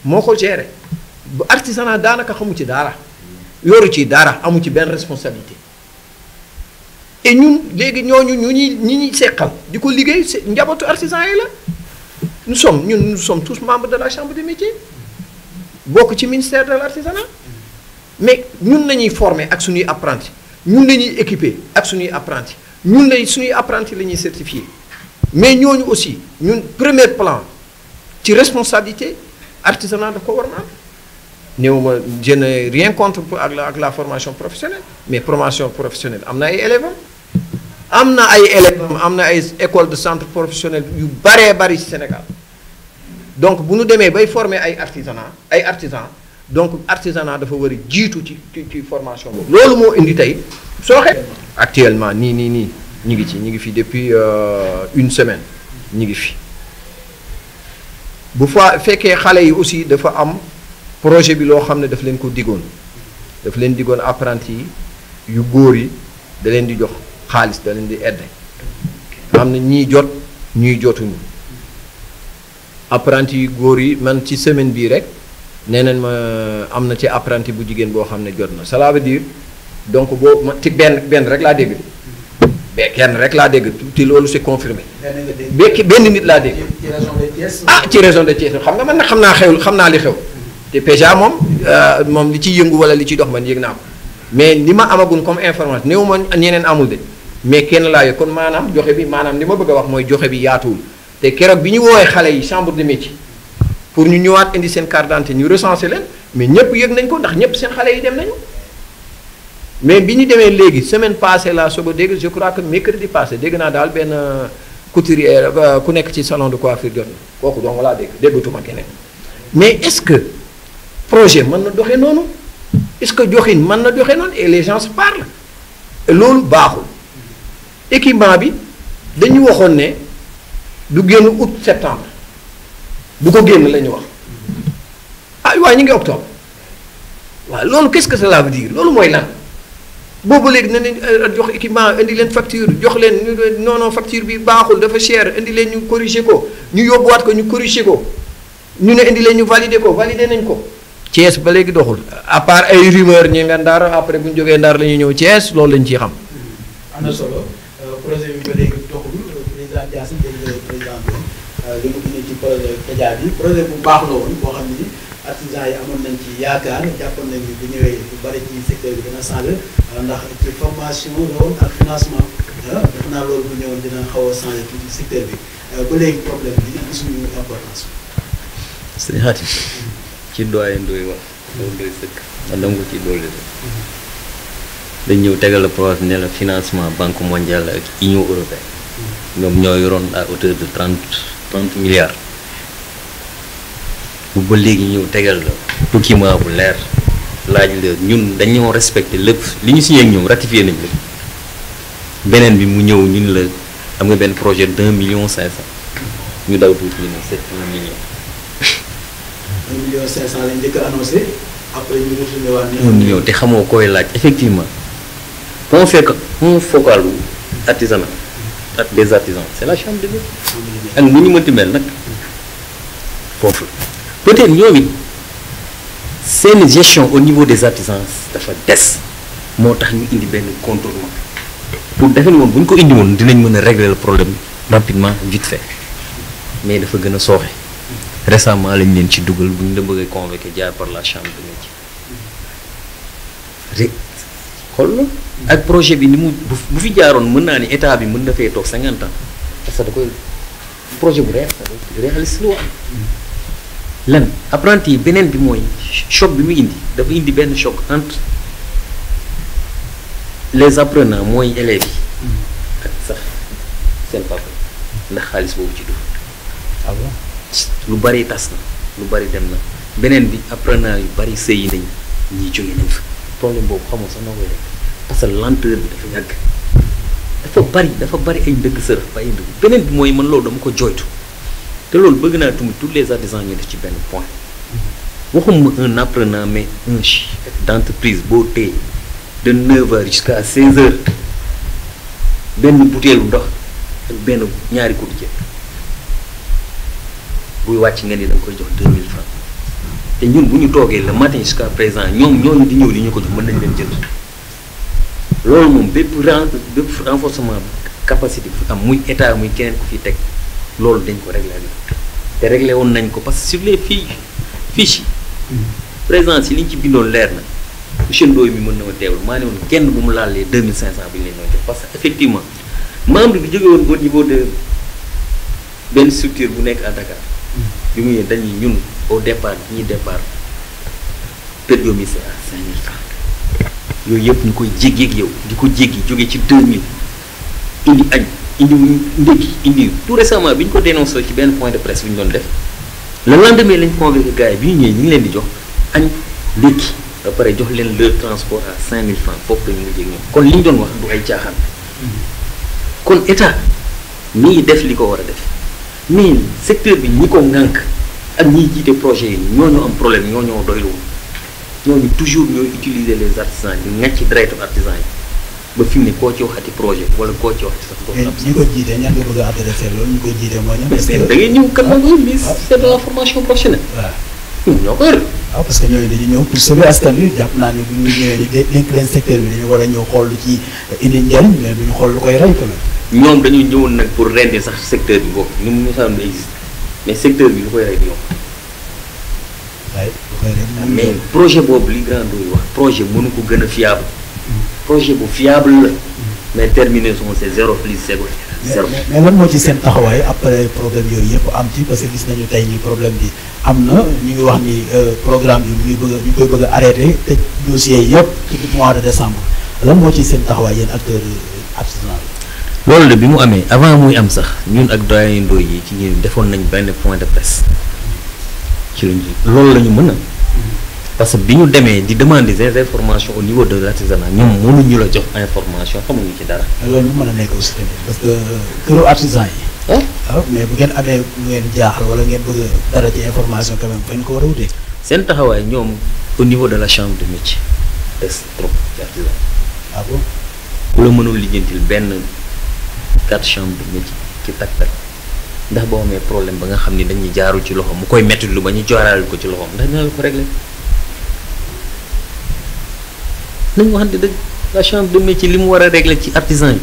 moo ko gérer bu artisanat daanaka xamu ci dara yoru ci dara amu ci benn responsabilité et ñun léegi ñooñu ñu ñu ñi ñuy seqal di ko liggéey njabootu artisan yi la nous sommes ñun nous sommes tous membre de la chambre des métiers bokk ci ministère de l'artisanat mais ñun lañuy former ak suñuy apprentis ñun lañuy équiper ak suñuy apprentis ñun lay suñuy apprentis la ñuy certifier mais ñooñu aussi ñun premier plan ci responsabilité artisanat da ko war na am néew ma je n'ai rien ak la ak la formation professionnelle mais formation professionnelle am na ay am na ay élèves am na ay école de centre professionnel yu baree bari ci Sénégal donc bu ñu demee bay former ay artisanat ay artisans donc artisanat dafa war a jiitu ci ci ci formation boobu. loolu moo indi tey soo xee actuellement nii nii nii ñu ngi ci ñu ngi fi depuis euh, une semaine ñu ngi fi bu fa fekkee xale yi aussi dafa am projet bi loo xam ne daf leen ko diggoon daf leen diggoon apprenti yi yu góor yi da leen di jox. xaalis da di aide xam na ñii jot ñuy jotuñu apprenti yu góor yi man ci semaine bii rek nee nañ ma am na ci apprenti bu jigéen boo xam ne jot na cela veut dire donc boo ma ci benn benn rek laa dégg mais kenn rek laa dégg te loolu c'est confirmé. benn benn nit laa dégg. ah ci région de Thiès xam nga man nag xam naa xew xam naa li xew. te PEJA moom euh, moom li ciy yëngu wala li ciy dox man yëg naa ko mais li ma amagun comme information néew ma ñeneen amul de. mais kenn laa yor kon maanaam joxe bi maanaam li ma bëgg a wax mooy joxe bi yaatuwul te keroog bi ñu woowee xale yi chambre de métier pour ñu ñëwaat indi seen carte d'identité ñu recensé leen mais ñëpp yëg nañ ko ndax ñëpp seen xale yi dem nañu mais bi ñu demee léegi semaine passée la soba dégg je crois que mercredi passé dégg naa daal benn couturière euh, ku nekk ci salon de coiffure jot na kooku dong laa dégg déggatuma keneen mais est-ce que projet mën na doxee noonu est-ce que joxin mën na doxee noonu et les gens se loolu baaxul équipement bi dañu waxoon ne du génn août septembre bu ko génn la ñu wax ah waaye ñu ngi octobre waaw loolu qu'est-ce que cela veut loolu mooy lan boobu léegi nañ leen euh, jox équipement indi leen facture jox leen non non facture bi baaxul dafa cher indi leen ñu corriger ko ñu yóbbuwaat ko ñu corriger ko ñu ne indi leen ñu valider ko valider nañ ko. Thiès ba léegi doxul à part ay rumeur ñu nga Ndar après bu ñu jógee Ndar la ñuy ñëw Thiès loolu lañ ciy xam. am na solo. média bi projet bu baax la woon boo xam ni artisan yi amoon nañ ci yaakaar jàppoon nañ ni bu ñëwee bu bari ci secteur bi dina changé ndax ci formation la woon ak financement ah def naa loolu bu ñëwoon dina xaw a changé ci secteur bi euh, ba léegi problème bi suñu importance sëñ Xaati ci doy sëkk man dama ko ci doole dañ ñëw tegal la projet ne la financement banque mondiale ak union européenne hmm. ñoom ñoo yoroon à hauteur de trente trente milliards bu ba léegi ñëw tegal la document bu leer laaj la ñun dañoo respecté lépp li ñu signé ak ñoom ratifié nañ lépp beneen bi mu ñëw ñun la am nga benn projet d'un million cinq cent ñu daw tuuti ne c'est un un million cent lañ njëkk a annoncé après ñu te xamoo koy laaj effectivement pont fekk pont focal artisanat ak des artisans c'est la chambre de métier ak nu ñu mënti mel nag peut-être ñoom it seen gestion au niveau des artisans dafa des moo tax ñu indi benn contournement pour defe woon bu ñu ko indi woon dinañ mën a régler problème rapidement vite fait mais dafa gën a sooxe récemment lañ leen ci dugal bu ñu la bëggee convoqué jaar par la chambre de métier rek xool ak projet bi ni mu bu fi jaaroon mën naa ni état bi mën na fee toog cinquante ans parce que da koy projet bu réaliste la woon lan apprenti yi beneen bi mooy choc bi mu indi dafa indi benn choc entre les apprenants mooy élèves yi ak sax seen papa ndax xaalis boobu ci dugg ah lu bari tas na lu bari dem na beneen bi apprenant yu bari sëyi nañ ñi jóge nañ fa problème boobu xamoo sax noo koy rek parce que lenteur bi dafa yàgg dafa bari dafa bari ay ndëgg sër ba ay ndëgg beneen bi mooy man loolu dama ko jooytu te loolu bëgg naa tamit tous les artisans ñu def ci benn point waxuma un na mais un d'entreprise boo téye de 9h jusqu'à 16h benn butéelu ndox ak benn ñaari kutu jën buy wàcc nga ni da nga koy jox 2000 francs te ñun bu ñu toogee le matin jusqu'à présent ñoom ñooñu di ñëw di ñu ko jox mën nañ leen jënd loolu moom bépp ren bépp renforcement capacité bi am muy état muy keneen ku fi teg. loolu dañ ko réglé te réglé woon nañ ko parce que sur fii fiches fiches yi présence li ñu ci bindoon leer na monsieur Ndoye mi mën na ma teewul maa ne woon kenn bu mu laal les 2500 bi ñu leen doon jox parce que effectivement membre bi jóge woon au niveau de benn structure bu nekk à Dakar bi mu ñëwee ñu ñun au départ bi ñuy départ période mi c'est à 5000 francs yooyu yëpp ñu koy jéggi ak yow di ko jéggi jóge ci 2000 indi añ. indiwuñ ndékki indi tout récemment bi ñu ko dénoncé ci benn point de presse bi ñu doon def le lendemain lañ convoqué gars yi bi ñu ñëwee ñu ngi leen di jox añ ndékki ba pare jox leen le transport à 5000 francs foofu la ñu ngi kon li ñu doon wax du ay caaxaan kon état mi ngi def li ko war a def mais secteur bi ñi ko ŋànk ak ñiy jiite projet yi ñooñu am problème ñoo ñoo doyluwul ñooñu toujours ñooy utiliser les artisans di ŋàcc deretu artisans yi ba fi mu ne koo ci waxati projet wala koo ci waxati sax. boobu am ñi ko jiite ñan nga bëgg a adressé loolu ñi ko jiite mooy ñoom. que mais da ngay ñëw kan ah. ah. hmm, ah, dañuy ñëw pour askan wi jàpp naa ne bu ñu ñëwee secteur bi dañu war a ñëw xool lu ci indi njariñ mais ñu xool lu koy rey quand même. ñoom dañuy ñëwoon nag pour rendre sax secteur bi boobu ñun ñu sax du existe mais secteur bi lu koy rey waaye lu mais projet boobu li grand doy wax projet mënu ko gën a fiable projet bu fiable la mais terminaison c'est zéro plus zéro. zéro mais lan moo ci seen taxawaay après problème yooyu yëpp am ci parce que gis nañu tey ni problème bi am na ñu ngi wax ni euh, programme bi ñu ngi bëgg ñu koy bëgg a arrêté te dossier yëpp ci mois de décembre lan moo ci seen taxawaay yéen acteurs artisanal loolu de bi mu amee avant muy am sax ñun ak doyen Ndoye yi ci ñi defoon nañ benn point de presse ci lañ loolu la ñu mën a. parce que bi ñu demee di demander des informations au niveau de l'artisanat ñoom mënuñu la jox information xamuñu ci dara. loolu lu mën a nekk aussi tamit parce que ah, mais bu ngeen amee ngeen jaaxal wala ngeen bëgg information quand même ko war a seen taxawaay ñoom au niveau de la chambre de métier des trop ci artisan. ah bon ku la mënul lijjantil benn quatre chambre de métier ci tak-tak ndax boo amee problème ba nga xam ni dañuy jaarul ci loxo mu koy métti lu ba ñu jooraale ko ci loxo ndax dina la ko réglé. nañ waxante dëgg la chambre de métier li mu war a régler ci artisan yi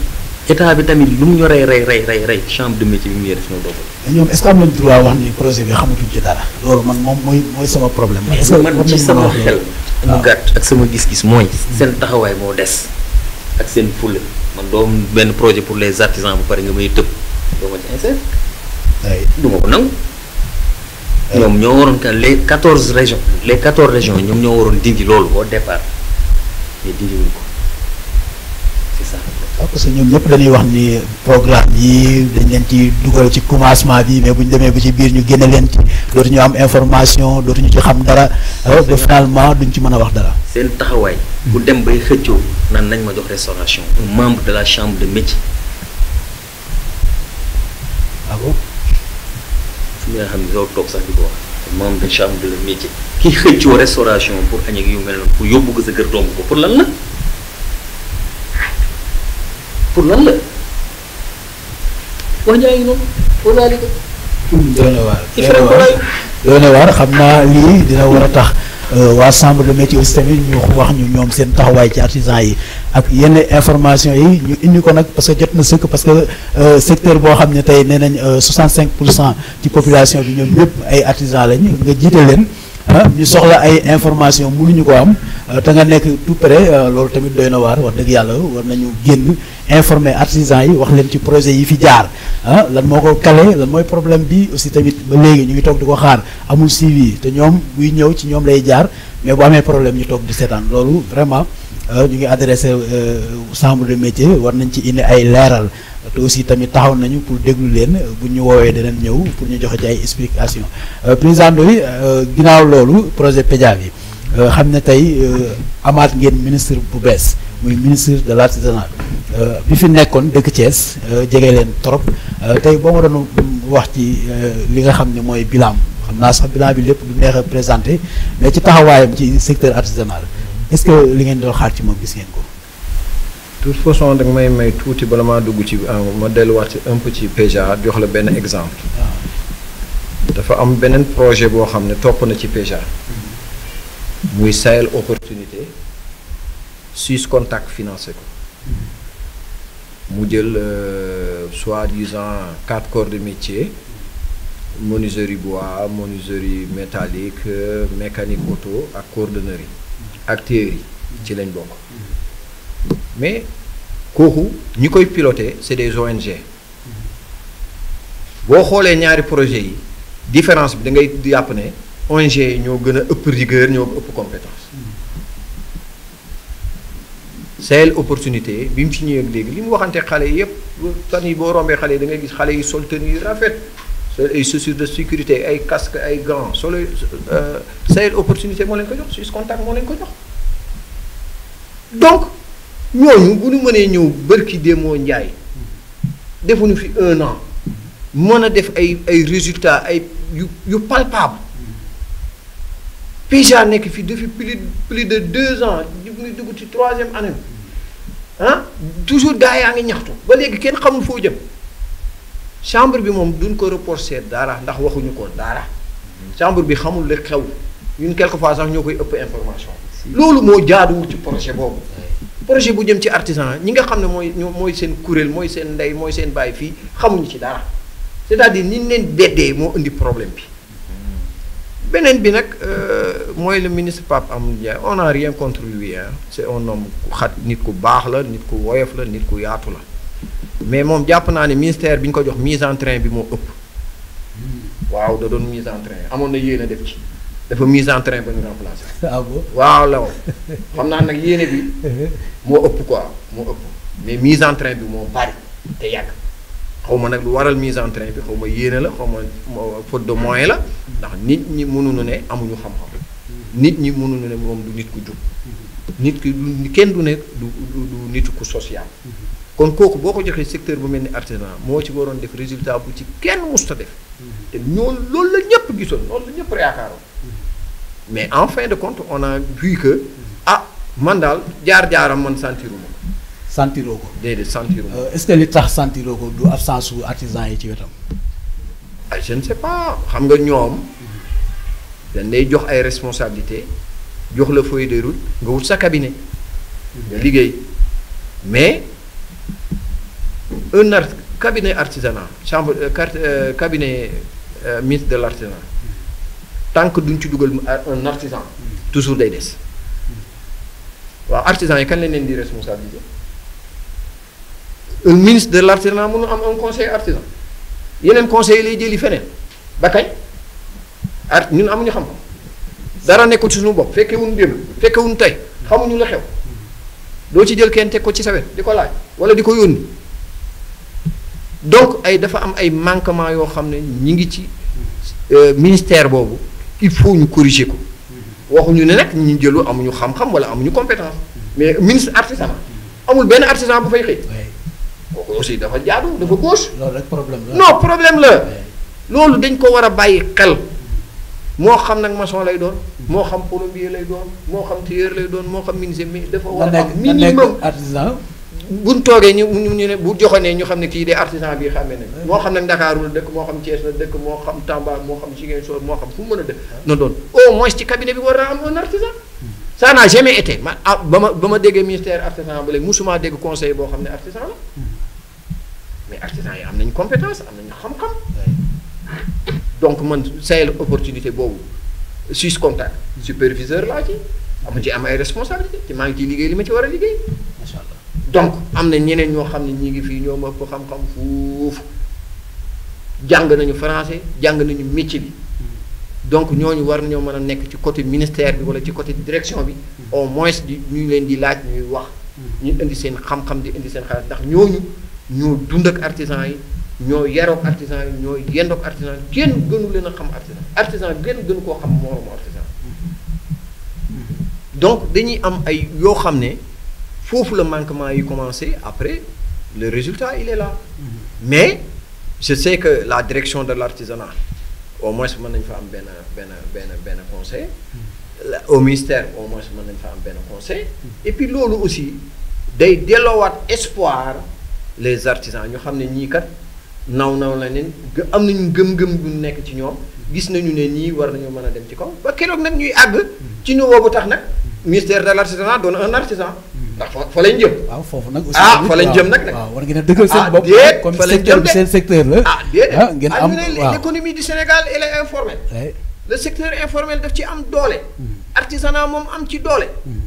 état bi tamit lu mu ñu rey rey rey rey rey chambre de métier bi mu yore suñu bopp. ñoom est-ce que am nañ droit wax ni man moom mooy mooy sama problème. est-ce que man ci sama xel. mu gàtt ak sama gis-gis mooy. seen taxawaay moo des. ak seen fulla man doom benn projet pour les artisans bu pare nga may tëb doo ma ci insérer. ay du ma ko nangu. ñoom ñoo waroon ka les quatorze régions. les quatorze régions ñoom ñoo waroon dindi loolu au départ. mais dindiwuñ ko c'est ça. waaw ah, parce ñoom ñëpp dañuy wax ni programme yi dañ leen ci dugal ci commencement bi mais bu ñu demee ba ci biir ñu génne leen ci ñu am information dootuñu ci xam dara. Ah, alors que finalement duñ ci mën a wax dara. seen taxawaay. bu dem bay xëccoo naan nañ ma jox restauration. un membre de la chambre de métier. ah bon. xam ne toog sax ko membre de chambre de métier kii xëccoo restauration pour añ ak yu mel pour yóbbu ko sa kër domb ko pour lan la pour lan la wax waar doone waar xam naa lii dina war a tax euh, waa chambre de métier aussi tamit ñu wax ñu ñoom seen taxawaay ci artisan yi ak yenn information yi ñu indi ko nag parce que jot na sëkk parce que euh, secteur boo xam ne tey nee nañ 65 euh, pour cent ci population bi ñoom ñëpp ay artisans lañ nga jiite leen ah, ñu soxla ay information lu ñu ko am euh, te nga nekk tout près loolu tamit doy na waar wax dëgg yàlla war nañu génn informer artisans yi wax leen ci projet yi fi jaar ah lan moo ko kale lan mooy problème bi aussi tamit ba léegi ñu ngi toog di ko xaar amul suivi te ñoom buy ñëw ci ñoom lay jaar mais bu amee problème ñu toog di seetaan Euh, ñu ngi adressé euh, chambre de métier war nañ ci indi ay leeral te aussi tamit taxaw nañu pour déglu leen bu ñu woowee danañ ñëw pour ñu joxe ci ay explication euh, président Ndoye ginnaaw loolu projet PEJA bi xam ne tey amaat ngeen ministre bu bees muy ministre de l'artisanat bi fi nekkoon dëkk Thiès jege leen trop tey boo ma doon wax ci li nga xam ne mooy bilan xam naa sax bilan bi lépp du neex a présenté mais ci taxawaayam ci secteur artisanal est-ce que li ngeen doon xaar ci moom gis ngeen ko. de toute façon da may may tuuti bala maa dugg ci ah, ma delluwaat ci un peu ci PJA jox la benn exemple. Ah. dafa am beneen projet boo xam ne topp na ci PJA. Mm-hmm. muy Sahel opportunité. Suisse Contact financé ko. Mm-hmm. mu jël euh, soi-disant quatre corps de métier. menuiserie bois menuiserie métallique euh, mécanique oto ak cordonnerie. acteurs yi ci lañ bokk mais kooku ñi koy piloté c'est des ONG boo xoolee ñaari projet yi différence bi da ngay yàpp ne ONG ñoo gën a ëpp rigueur ñoo ëpp compétence Sahel opportunité bi mu fi ñëwee léegi li mu waxante xale yépp tan boo rombee xale yi da ngay gis xale yi sol tenue yu rafet ay euh, chaussures de sécurité ay casque ay gants solo euh, sayet opportunité moo leen ko jox Suisse Contact moo leen ko jox donc ñooñu bu ñu mënee ñëw bërki démoo njaay defuñu fi un an mën a def ay ay résultats ay yu yu palpable Pija nekk fi depuis plus plus de deux ans ñu ngi dugg ci troisième année ah toujours gaa yaa ngi ñaxtu ba léegi kenn xamul foo jëm chambre bi moom duñ ko reprocher dara ndax waxuñu ko dara chambre bi xamul li xew ñu quelque fois sax ñoo koy ëpp information loolu moo jaaduwul ci projet boobu projet bu jëm ci artisan ñi nga xam ne mooy mooy seen kuréel mooy seen ndey mooy seen baay fii xamuñu ci dara c'est-à-dire ni ñu leen beddee moo indi problème bi beneen bi nag euh, mooy le ministre Pape Amadou Ndiaye on rien contre lui hein c'est un homme ku xat nit ku baax la nit ku woyof la nit ku yaatu la mais moom jàpp naa ne ministère bi ñu ko jox mise en train bi moo ëpp waaw da doon mise en train amoon na yéen a def ci dafa mise en train ba ñu remplacé. ah bon waaw la xam naa nag yéene bi moo ëpp quoi moo ëpp mais mise en train bi moo bari te yàgg xaw ma nag lu waral mise en train bi xaw ma yéene la xaw ma faute de moyen la ndax nit ñi mënuñu ne amuñu xam-xam nit ñi mënuñu ne moom du nit ku jub mm-hmm. nit ki du kenn du ne du du nit ku social. Mm-hmm. kon kooku boo ko joxee secteur bu mel ni artisanat moo ci waroon def résultat bu ci kenn musta def te ñoonu loolu la ñëpp gisoon loolu la ñëpp mais en fin de compte on a vu que ah man daal jaar-jaaram man sentiruma ko sentiroo ko déedéet sentiruma ko euh, est li tax sentiroo ko du absence su artisan yi ci wetam ah je ne pas xam nga ñoom dañ lay jox ay responsabilité jox la feuille de route nga wut sa cabinet nga mm-hmm. liggéey mais un art cabinet artisanat chambre euh, carte euh, cabinet euh, de l' artisanat tant duñ ci dugal un artisan toujours day des waaw artisan yi kan lañ leen di responsabilité un ministre de l' artisanat mënu am un conseil artisan yeneen conseil lay jëli feneen ba kañ art ñun amuñu xam ko dara nekkul ci suñu bopp fekke wuñ démb fekke wuñ tey xamuñu la xew doo ci jël kenn teg ko ci sa di ko laaj wala di ko yónni donc ay dafa am ay manquement yoo xam ne ñi ngi ci euh, ministère boobu il faut ñu corriger ko waxuñu ne nag ñu jëlu amuñu xam-xam wala amuñu compétence mais ministre artisanat amul benn artisan bu fay xëy aussi dafa jaadu dafa gauche loolu rek problème la non problème la loolu dañ ko war a bàyyi xel moo xam nag maçon lay doon moo xam plombier lay doon moo xam tailleur lay doon moo xam menuisier mais dafa war a am minimum buñ toogee ñu ñu ne bu joxonee ñu xam ne kii de artisan bi xàmme nañ moo xam ne Ndakaaru la dëkk moo xam Thiès a dëkk moo xam Tamba moo xam moo xam fu mu mën a dëkk na doon au moins ci cabinet bi war naa am un hmm. ah, ba ma ba ma déggee ministère artisan ba léegi musuma dégg conseil boo xam ne artisan hmm. mais artisan yi am nañ compétence am nañu xam-xam donc man sayel opportunité boobu suis contact superviseur laa ci ama ci am ay responsabilité ci maa ngi ciy liggéey li ma ci war a liggéey donc am na ñeneen ñoo xam ne ñi ngi fii ñoo ma ko xam-xam foofu jàng nañu français jàng nañu métier bi donc ñu war nañoo mën a nekk ci côté ministère bi walla ci côté direction bi au moins di ñu leen di laaj ñuy wax ñu indi seen xam-xam di indi seen xalaat ndax ñooñu ñoo dund ak artisan yi ñoo yarook artisan yi ñoo yendook artisan yi kenn gënu leen a xam artisan artisan kenn gënu koo xam moroomu artisan mm-hmm. donc dañuy am ay yoo xam ne foofu la manquement yi commencé après le résultat il est là mm-hmm. mais je sais que la direction de l'artisanat au moins mën nañ fa am benn benn benn benn conseil mm-hmm. au ministère au moins mën nañ fa am benn conseil mm-hmm. et puis loolu aussi day delloowaat espoir les artisans ñu xam ne ñii kat naw naw la leen am nañu gëm-gëm bu nekk ci ñoom gis nañu ne ñii war nañu mën a dem ci kaw ba keroog nag ñuy àgg ci niveau bu tax nag ministère de l'artisanat doon un artisan ndax fa lañ jëm. waaw foofu nag aussi ah fa lañ jëm nag. waaw war ngeen a dëggal seen ah, bopp. comme secteur bi seen secteur la. ah déedéet ah ngeen am waaw l'économie du Sénégal elle est informelle. le secteur informel daf ci am doole. Hmm. artisanat moom am ci doole. Hmm.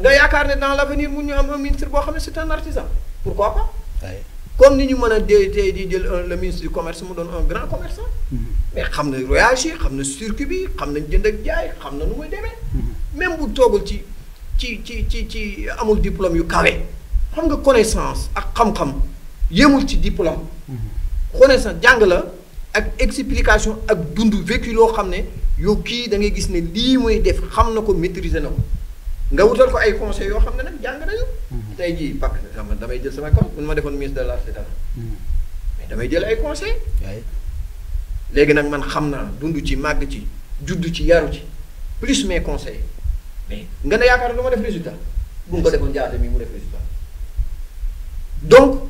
nga yaakaar ne dans l' avenir mun ñu am un ministre boo xam ne c' est un artisan. pourquoi pas. comme ni ñu mën a dee tey di jël le ministre du commerce mu doon un grand commerçant. Hmm. mais xam na royage xam na circuit bi xam na jënd ak jaay xam na nu muy demee. même bu toogul ci. ci ci ci ci amul diplôme yu kawe xam nga connaissance ak xam-xam yemul ci diplôme. Mm-hmm. connaissance jàng la ak explication ak dund vécu loo xam ne yow kii da gis ne lii mooy def xam na ko maîtriser na ko nga wutal ko ay conseil yoo xam ne nag jàng nañu. Mm-hmm. tey jii par exemple damay jël sama kaw man ma defoon ministre de l'artisanat mm-hmm. mais damay jël ay conseils. léegi nag man xam naa dund ci màgg ci judd ci yaru ci plus mes conseil nga ne yaakaar ne du ma def résultat. bu ko defoon jaata mi mu def résultat. donc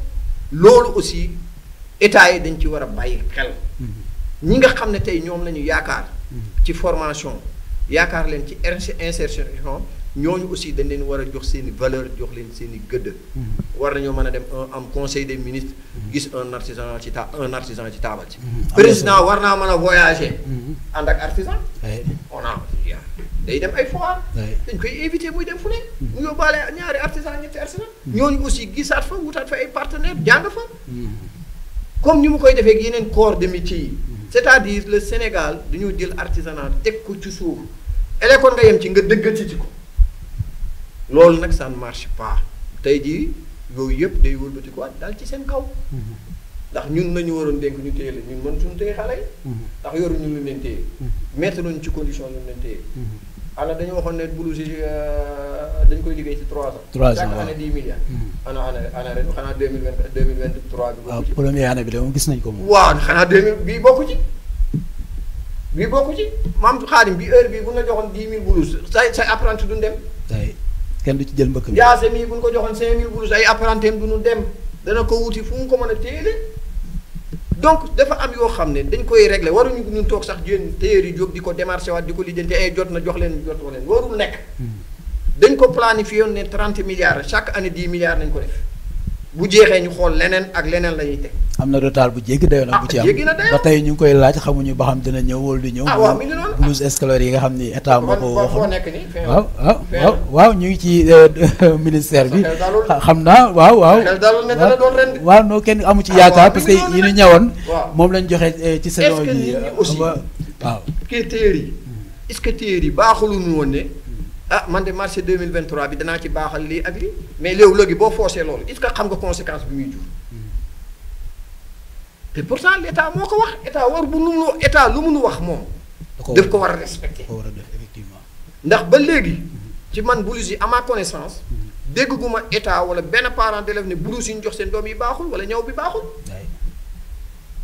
loolu aussi état yi dañ ci war a bàyyi xel. Mm-hmm. ñi nga xam ne tey ñoom la ñu yaakaar. Mm-hmm. ci formation yaakaar leen ci insertion ñu aussi dañ leen war a jox seen i valeur jox leen seen i gëdd. Mm-hmm. war ñoo mën a dem un am conseil des ministres. gis un artisan ci ta un artisan ci taabal ci président war naa mën a voyager. ànd ak artisan. day dem ay foire dañ koy invité muy dem fu ne mu yóbbaale ñaari artisan ñetti artisan ñooñu aussi gisaat fa wutaat fa ay partenaire jàng fa comme ni mu koy defee ak yeneen corps de métier yi c'est-à-dire le Sénégal dañoo jël artisanat teg ko ci suuf ele kon nga yem ci nga dëggati ci ko loolu nag ça ne marche tey jii yooyu yëpp day wëlbatikuwaat daal ci seen kaw ndax ñun nañu waroon dénk ñu téye la ñun mën suñu téye xale yi ndax yoruñu lu leen téye mettre ci condition lu leen ana dañu waxoon ne bulu euh, si dañ koy liggéey ci trois ans. trois ans chaque année dix milliards. Hmm. ana ana ana ren xanaa deux mille vingt deux mille vingt trois bi. waaw ah, première nañ ko moom. waaw bii bokku ci. ci maam xaarim bi heure bi bu ñu joxoon dix mille bulu say say apprenti duñ dem. waaye kenn du ci jël mbëkk mi. jaase mii bu ñu ko joxoon cinq mille bulu ay apprenti am dem dana ko wuti fu mu ko mën a téele. donc dafa am yoo xam ne dañ koy regle waruñu ñun toog sax yéen téyeer yi jóg di ko démarché waat di ko lijjanti ay eh, jot na jox leen jotoo leen warul nekk hmm. dañ ko planifié woon ne 30 milliards chaque année 10 milliards nañ ko def bu jeexee ñu xool leneen ak leneen la teg. am na retard bu jéggi dayoo nag. bu ah, ci am ba tey ñu ngi koy laaj xamuñu ba xam dina ñëw wala di ñëw. ah waaw mi yi nga xam ni état moo ko waxoon waaw waaw waaw ñu ngi ci euh, ministère bi. xam naa waaw waaw. waaw kenn amu ci ah, yaakaar parce que yi ñu moom lañ joxe euh, ci saison bi. Euh, aussi. waaw. que téer yi. est-ce que ah man de marché 2023 bi danaa ci baaxal lii ak lii mais léegi boo forcé loolu est-ce que xam nga conséquence bi muy jur te pourtant l' moo ko wax état war bu nu état lu munu wax moom. daf ko war a respecté ko war a def effectivement. ndax ba léegi ci man boulous yi à ma connaissance mm-hmm. dégg gu ma état wala benn parent d'élève ne boulous yi jox seen doom yi baaxul wala ñaw bi baaxul.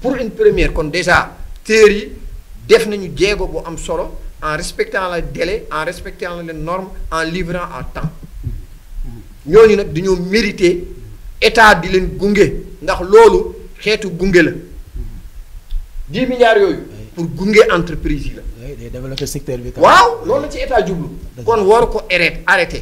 pour une première kon déjà téer yi def nañu jéego bu am solo. en respectant les délais en respectant les normes en livrant à temps ñooñu nag dañoo mérité état di leen gunge ndax loolu xeetu gunge la dix milliards yooyu pour gunge entreprise yi la. day développer secteur bi. waaw loolu la ci état jublu. kon war ko arrêté arrêté.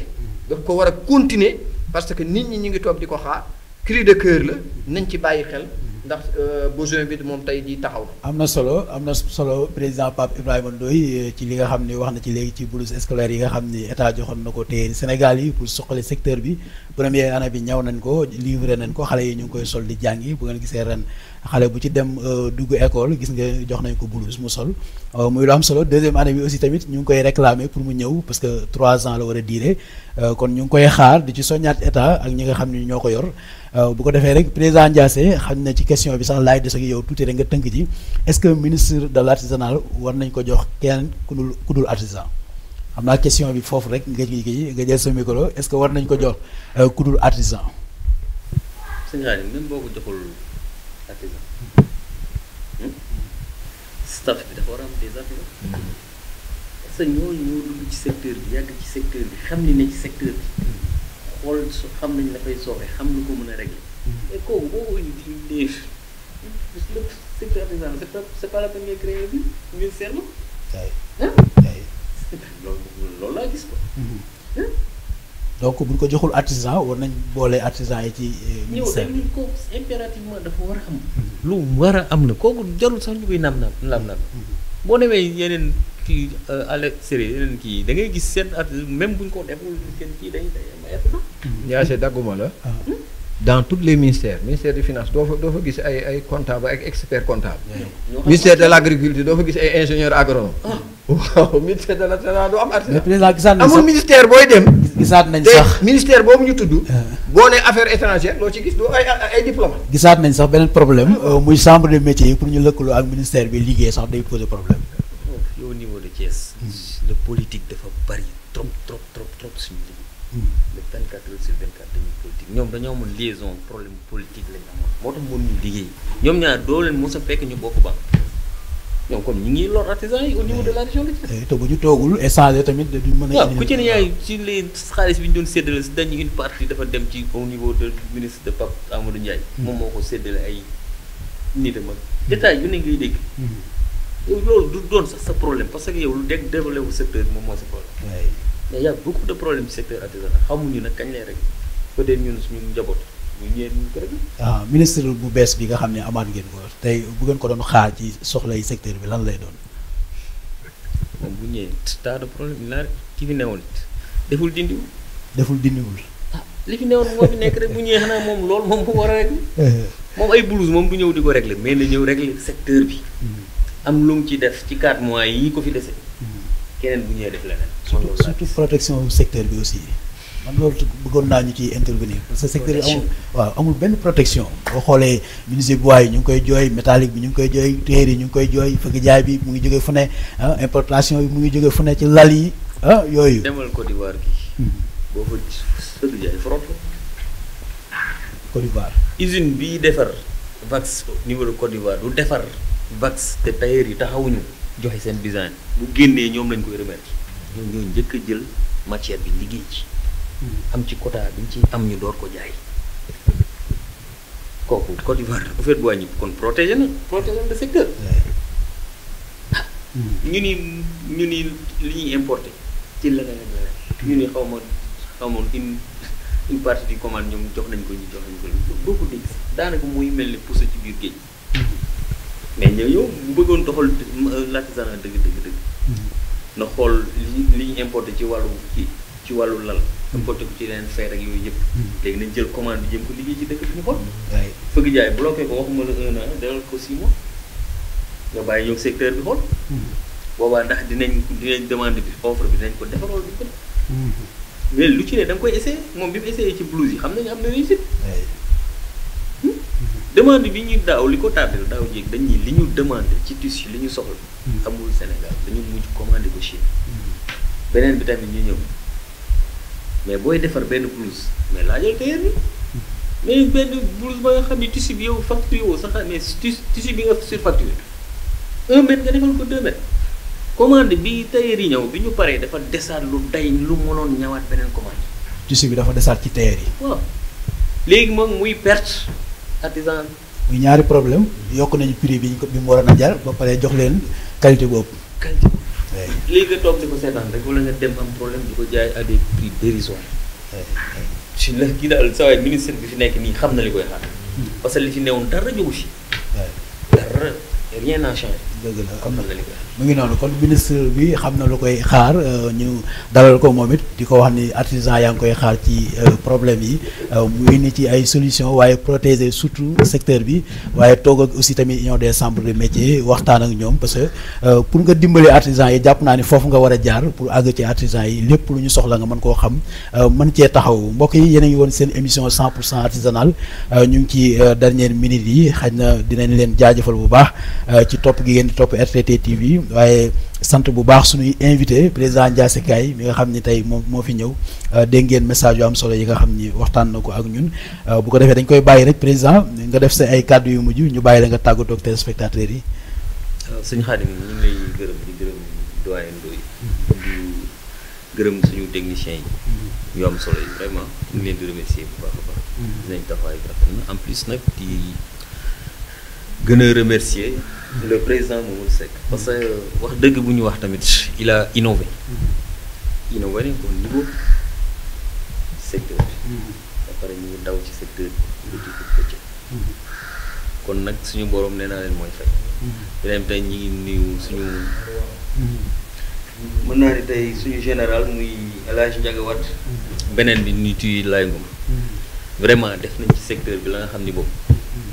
daf ko war a continuer parce que nit ñi ñu ngi toog di ko xaar cri de cœur la nañ ci bàyyi xel. ndax euh, besoin bi moom tey jii taxaw am na solo am na solo président Pape Ibrahima Ndoye euh, ci li nga xam ne wax na ci léegi ci bourse scolaire yi nga xam ne état joxo na ko te Sénégal yi pour suqali secteur bi première année bi ñaw nañ ko livré nañ ko xale yi ñu ngi koy sol di jàngi bu ngeen gisee ren. xale bu ci dem euh, dugg école gis nga jox nañ ko blouse mu sol euh, muy lu am solo deuxième année bi aussi tamit ñu ngi koy réclamer pour mu ñëw parce que trois ans la war a diire euh, kon ñu ngi koy xaar di ci soññaat état ak ñi nga xam ne ñoo ko yor bu ko defee rek président Ndiassé xam na ci question bi sax laaj des ak yow tuuti rek nga tënk ji est-ce que ministre de l'artisanat war nañ ko jox kenn ku dul ku dul artisan xam naa question bi foofu rek nga ji nga jël sa micro est-ce que war nañ ko jox dul artisan. sëñ même boo ko joxul. artisan hmm? staff bi dafa war a am des artisans parce que ñooñu ñoo dugg ci secteur bi yàgg ci secteur bi xam ni ne ci secteur bi xool su xam nañ dafay soobee xam nu ko mun a régler mais hmm. kooku boo ñu di léef le secteur artisanal c'est pas c'est pas la peine ngay créer bi ministère ma loolu lool laa gis ko donc bu ñu ko joxul artisan war nañ boole artisan yi ci euh, ministère bi ko impérativement dafa war lu war a am la kooku jarul sax ñu koy naam naam naam mm-hmm. boo demee yeneen kii à euh, l'extérieur kii da ngay gis seen at même buñ ko deful seen kii day day am artisan. ñaase mm-hmm. dagguma la. Ah. Hmm? dans tous les ministères ministère des finances doo fa doo fa gis ay ay comptable ak expert comptable. Hmm. ministère de l'agriculture doo fa gis ay ingénieur agronome. Ah. waaw ministère de la du am artisanat. mais président amul ministère booy dem. gisaat nañ sax te ministère boobu ñu tudd. Ah. boo nee affaire étrangère loo ci gis du ay ay gisaat nañ sax beneen problème ah, euh, muy chambre de métiers yi pour ñu lëkkaloo ak ministère bi liggéey sax day poser problème. au niveau de hmm. le politique dafa bari trop trop trop trop liggéey. Hmm. le 24 heures sur 24 dañuy politique ñoom dañoo amoon liaison problème politique lañ amoon moo tax liggéey ñoom ñaar doo leen mos fekk ñu bokk ba. donc kon ñu ngi lor artisans yi au niveau de la région de Thiès. Eh, te bu ñu toogul échanger tamit dañu mën a. ku ci ne yaay ci les xaalis bi ñu doon séddale dañu une partie dafa dem ci au niveau de ministre de Pape Amadou Ndiaye. Hmm. moom moo ko séddale ay nit a mag. Hmm. détail yu ne ngay dégg. Hmm. loolu du doon sax sa problème parce que yow lu dégg développé wu secteur moom moo sa problème. mais y' a beaucoup de problèmes ci secteur artisanal xamuñu nag kañ lay rek peut-être ñun suñu njaboot. waaw ah, ministre bu bees bi nga xam ne amaat ngeen ko tey bu ngeen ko doon xaar ci soxlay secteur bi lan lay doon. moom bu ñëwee tas de problème la ki fi newoon deful dindiwul. deful dindiwul. Ah, li fi newoon moo fi nekk rek bu ñëwee xanaa moom loolu moom bu war a régler moom moom du ñëw di ko régler mais na ñëw régler secteur bi. Mm-hmm. am lu ci def ci 4 mois yi ko fi dese. Mm-hmm. keneen bu ñëwee def leneen. surtout surtout protection secteur bi aussi. man loolu bëggoon naa ñu ciy intervenir. parce que secteur yi amul waaw amul benn protection. boo xoolee menuisier bois yi ñu ngi koy jooy métallique bi ñu ngi koy jooy téer yi ñu ngi koy jooy fëgg jaay bi mu ngi jóge fu ne ah, importation bi mu ngi jóge fu ne ci lal yi ah yooyu. demal Côte d'Ivoire gi. Hmm. boo fa fëgg jaay usine bi defar vax au niveau de d'Ivoire du defar vax te tailleur yi taxawuñu joxe seen design bu génnee ñoom lañ koy remetre ñoom ñoo njëkk jël matière bi liggéey ci. am ci quota bi ñu ci am ñu door ko jaay kooku Côte d'Ivoire bu fekkee wàññi kon protégé na protégé na le ñu ni ñu ni li ñuy importé ci la ak leneen ñu ni xaw ma xaw ma une une partie du ñoom jox nañ ko ñu jox nañ ko ñu doo ko dégg daanaka muy mel ne pousse ci biir géej mais ñëw yow bu bëggoon doxal l'artisanat dëgg dëgg dëgg na xool li li ñu importé ci wàllu ci ci wàllu lal ëppatoo ci leneen fay rek yooyu yëpp. Hmm. léegi nañ jël commande bi jëm ko liggéey ci dëkk bi ñu xool. waaye fëgg jaay bloqué ko waxuma la un an dalal ko six mois nga bàyyi ñëw secteur bi xool. Hmm. boobaa ndax dinañ dinañ demande bi offre bi dinañ ko defar wala hmm. duñ lu ci ne da koy essayé moom bi mu essayé ci blouse yi xam nañu am na réussite. demande bi ñu daaw li ko tardé daaw jéeg dañuy li ñu demande ci tissu li ñu soxla. amul Sénégal dañu mujj commandé ko Chine. beneen bi tamit ñëw. mais booy defar benn blouse mais laajal tailleur bi mais benn blouse ba nga xam ne tissu bi yow facture woo sax mais tissu bi nga surfacturé un mètre nga defal ko deux mètres commande bi tailleur yi ñëw bi ñu paree dafa desaat lu day lu mënoon ñëwaat beneen commande. tissu bi dafa desaat ci tailleur yi. waaw léegi moom muy perte artisan muy ñaari problème yokk nañu prix bi ñu ko mu waroon a jar ba paree jox leen qualité boobu. qualité léegi nga toog di ko seetaan rek wala nga dem am problème di ko jaay à des prix dérisoires. ci la kii daal saa waay ministre bi fi nekk nii xam na li koy xaar. Hmm. parce que li fi woon dara jógu si dara rien n'a changé. dëgg la am na mu ngi noonu kon ministre bi xam na lu koy xaar euh, ñu dalal ko moom it di ko wax ni artisan yaa ngi koy xaar ci euh, problème yi euh, mu indi ci ay solution waaye protéger surtout secteur bi waaye toog ak aussi tamit union des chambres de métier waxtaan ak ñoom parce que pour nga dimbali artisan yi jàpp naa ni foofu nga war a jaar pour àgg ci artisan yi lépp lu ñu soxla nga mën koo xam mën cee taxaw mbokk yi yéen a ngi woon seen émission 100 pour cent artisanal ñu ngi ci dernière minute yi xaj na dinañ baax di topp RTT TV waaye sant bu baax su suñuy invité président Ndiassé mi nga xam ni tey moom moo fi ñëw euh, dégg ngeen message yu am solo yi nga xam ni waxtaan na ko ak ñun euh, bu ko defee dañ koy bàyyi rek président nga def sa ay kàddu yu mujj ñu bàyyi la nga tàggatoo ak téléspectateurs yi. Euh, suñu xaadim yi ñu ngi gërëm di gërëm doyen suñu techniciens yi. ñu mm-hmm. am solo yi vraiment di remercier bu baax a baax. Mm-hmm. en plus nag di gën a le président Mamadou Seck. parce que wax dëgg bu ñu wax tamit il a innové. Mm-hmm. innové nañ ko au niveau secteur. Mm-hmm. ba pare ñu daw ci secteur bi di ko mm-hmm. kon nag suñu borom nee naa leen mooy fay. beneen tey ñu ngi nuyu suñu. mën naa général muy El Hadj Ndiaga bi ñu tuy laay ngum vraiment def nañ ci secteur bi la nga xam ni boobu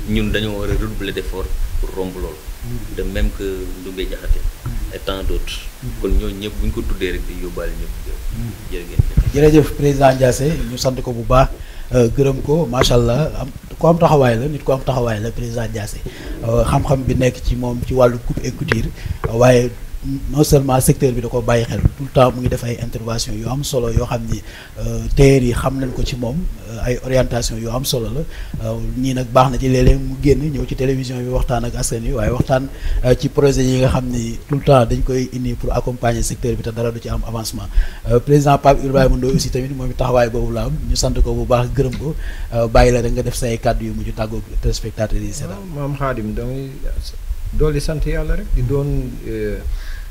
ñun dañoo war a redoubler d'effort pour romb loolu. de même que Ndumbé Diakhaté mm. et tant d'autres mm. kon ñooñu ñëpp bu ñu ko tuddee rek di yóbbaale ñëpp mm. jërë ngeen jërëjëf président Ndiassé ñu sant ko bu baax euh, gërëm ko macha allah am am taxawaay la nit ko am taxawaay la président Ndiassé euh, xam-xam bi nekk ci moom ci wàllu coupe et waaye non seulement secteur bi da ko bàyyi xel tout le temps mu ngi def ay intervention yoo am solo yoo xam ni euh, téer xam nañ ko ci moom euh, ay orientation yoo am solo la euh, ñii nag baax na ci léeg-léeg mu génn ñëw ci télévision bi waxtaan ak askan wi waaye waxtaan ci projet yi nga xam ni tout le temps dañ koy indi pour accompagner secteur bi te dara du ci am avancement président Pape Ibrahima Ndoye aussi tamit moom taxawaay boobu la am ñu sant ko bu baax gërëm ko bàyyi la rek nga def say kàddu yu mujj tàggoog téléspectateurs yi seetaan maam Xaadim damay dool doole sant yàlla rek di doon euh,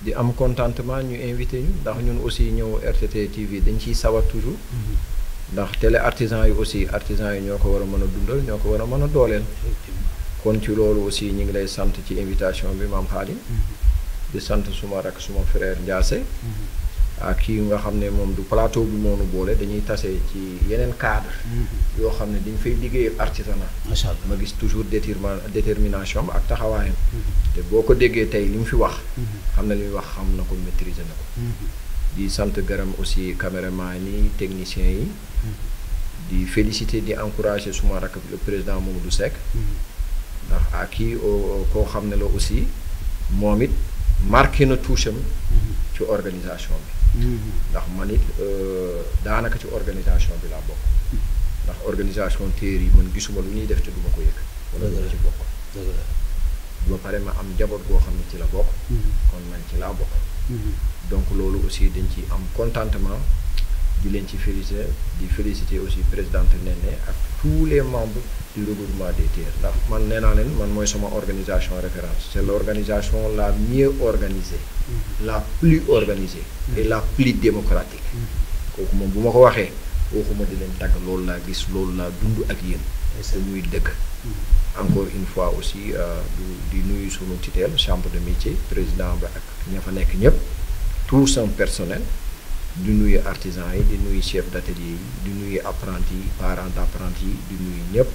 di am contentement ñu invité ñu ndax ñun aussi ñëw RTT TV dañ ciy sawar toujours mm-hmm. ndax télé artisan yi aussi artisan yi ñoo ko war a mën a dundal ñoo ko war a mën a dooleel kon ci loolu aussi ñu ngi lay sant ci invitation bi maam Xaadim mm-hmm. di sant suma rak suma frère Ndiasse mm-hmm. kii nga xam ne moom du plateau bi moonu boole dañuy tase ci yeneen cadre mm-hmm. yoo xam ne dañ fay liggéey artisanat macha allah ma gis toujours déterma détermination ak taxawaayam mm-hmm. te boo ko déggee tey li mu fi wax mm-hmm. xam na li muy wax xam na ko maîtriser na ko di sant gërëm aussi caméraman yi technicien yi di féliciter di encourager suma rakk le président Mamadou Seck ndax ak kii oh, koo xam ne la aussi moom it marqué na touche am ci organisation bi. Mm-hmm. ndax man it euh, daanaka ci organisation bi laa bokk. ndax organisation téer yi man gisuma lu ñuy def te duma ko yëg. wala duma ci bokk. ba pare ma am njaboot goo xam ne ci la bokk. Mm-hmm. kon man ci laa bokk. Mm-hmm. donc loolu aussi dañ ci am contentement. di leen ci félicité di félicité aussi présidente Néné ak tous les membres du de des terres ndax man nee naa leen man mooy sama organisation référence c'est l'organisation la mieux organisée mm-hmm. la plus organisée et la plus démocratique mm-hmm. kooku moom bu ma ko waxee ma di leen tàgg loolu laa gis loolu laa dund ak yéen te muy dëkk mm-hmm. encore une fois aussi euh, di nuyu sunu tutelle chambre de métier président ba ak ña fa nekk ñëpp tout son personnel di nuyu artisans yi di nuyu chef d' atelier yi di nuyu apprentis yi parents d' yi di nuyu ñëpp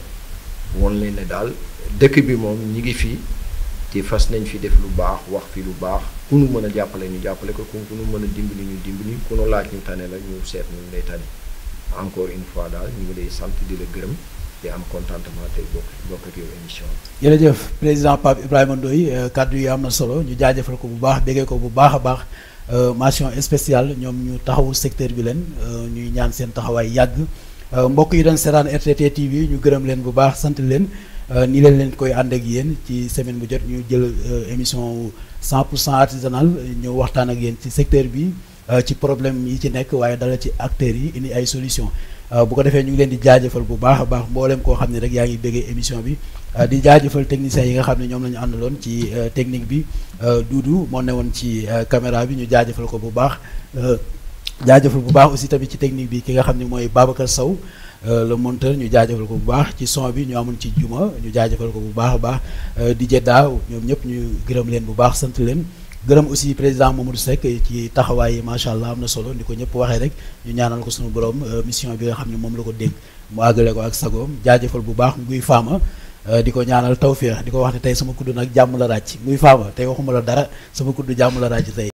woon leen ne daal dëkk bi moom ñi ngi fii te fas nañ fi def lu baax wax fi lu baax ku nu mën a jàppale ñu jàppale ko ku nu mën a dimbali ñu dimbali ku nu laaj ñu tane la ñu seet ñu lay tane encore une fois daal ñu ngi lay sant di la gërëm di am contentement tey bokk bokk ak yow émission bi. jërëjëf président Pape Ibrahima Ndoye euh, kàddu yi am na solo ñu jaajëfal ko bu baax béggee ko bu baax a baax. Euh, massion spéciale ñoom ñu taxawul secteur bi leen euh, ñuy ñaan seen taxawaay yàgg euh, mbokk yi doon seetaan RTT bi ñu gërëm leen bu baax sant leen nii leen leen koy ànd ak yéen ci semaine bu jot ñu jël émission 100 pour cent artisanal ñu waxtaan ak yéen ci secteur bi ci problème yi ci nekk waaye dala ci acteur yi indi ay solution bu ko defee ñu ngi leen di jaajëfal bu baax a baax mboolem koo xam ne rek yaa ngi déggee émission bi Euh, di jaajëfal techniciens yi nga xam ne ñoom lañu ñu àndaloon ci euh, technique bi euh, Doudou moo ne woon ci caméra bi ñu jaajëfal ko bu baax jaajëfal bu baax aussi tamit ci technique bi ki nga xam ne mooy Babacar saw le monteur ñu jaajëfal ko bu baax ci son bi ñu amoon ci juma ñu jaajëfal ko bu baax a baax di daaw ñoom ñëpp ñu gërëm leen bu baax sant leen gërëm aussi président Mamadou Seck ci taxawaay yi macha allah am na solo ni ko ñëpp waxee rek ñu ñaanal ko suñu borom mission bi xam ne moom la ko dénk mu àggale ko ak sagoom jaajëfal bu baax nguy faama Euh, di ko ñaanal tawféex di ko wax ne tey sama kudd nag jàmm la ràcc muy faama tey waxuma la dara sama kudd jàmm la ràcc tey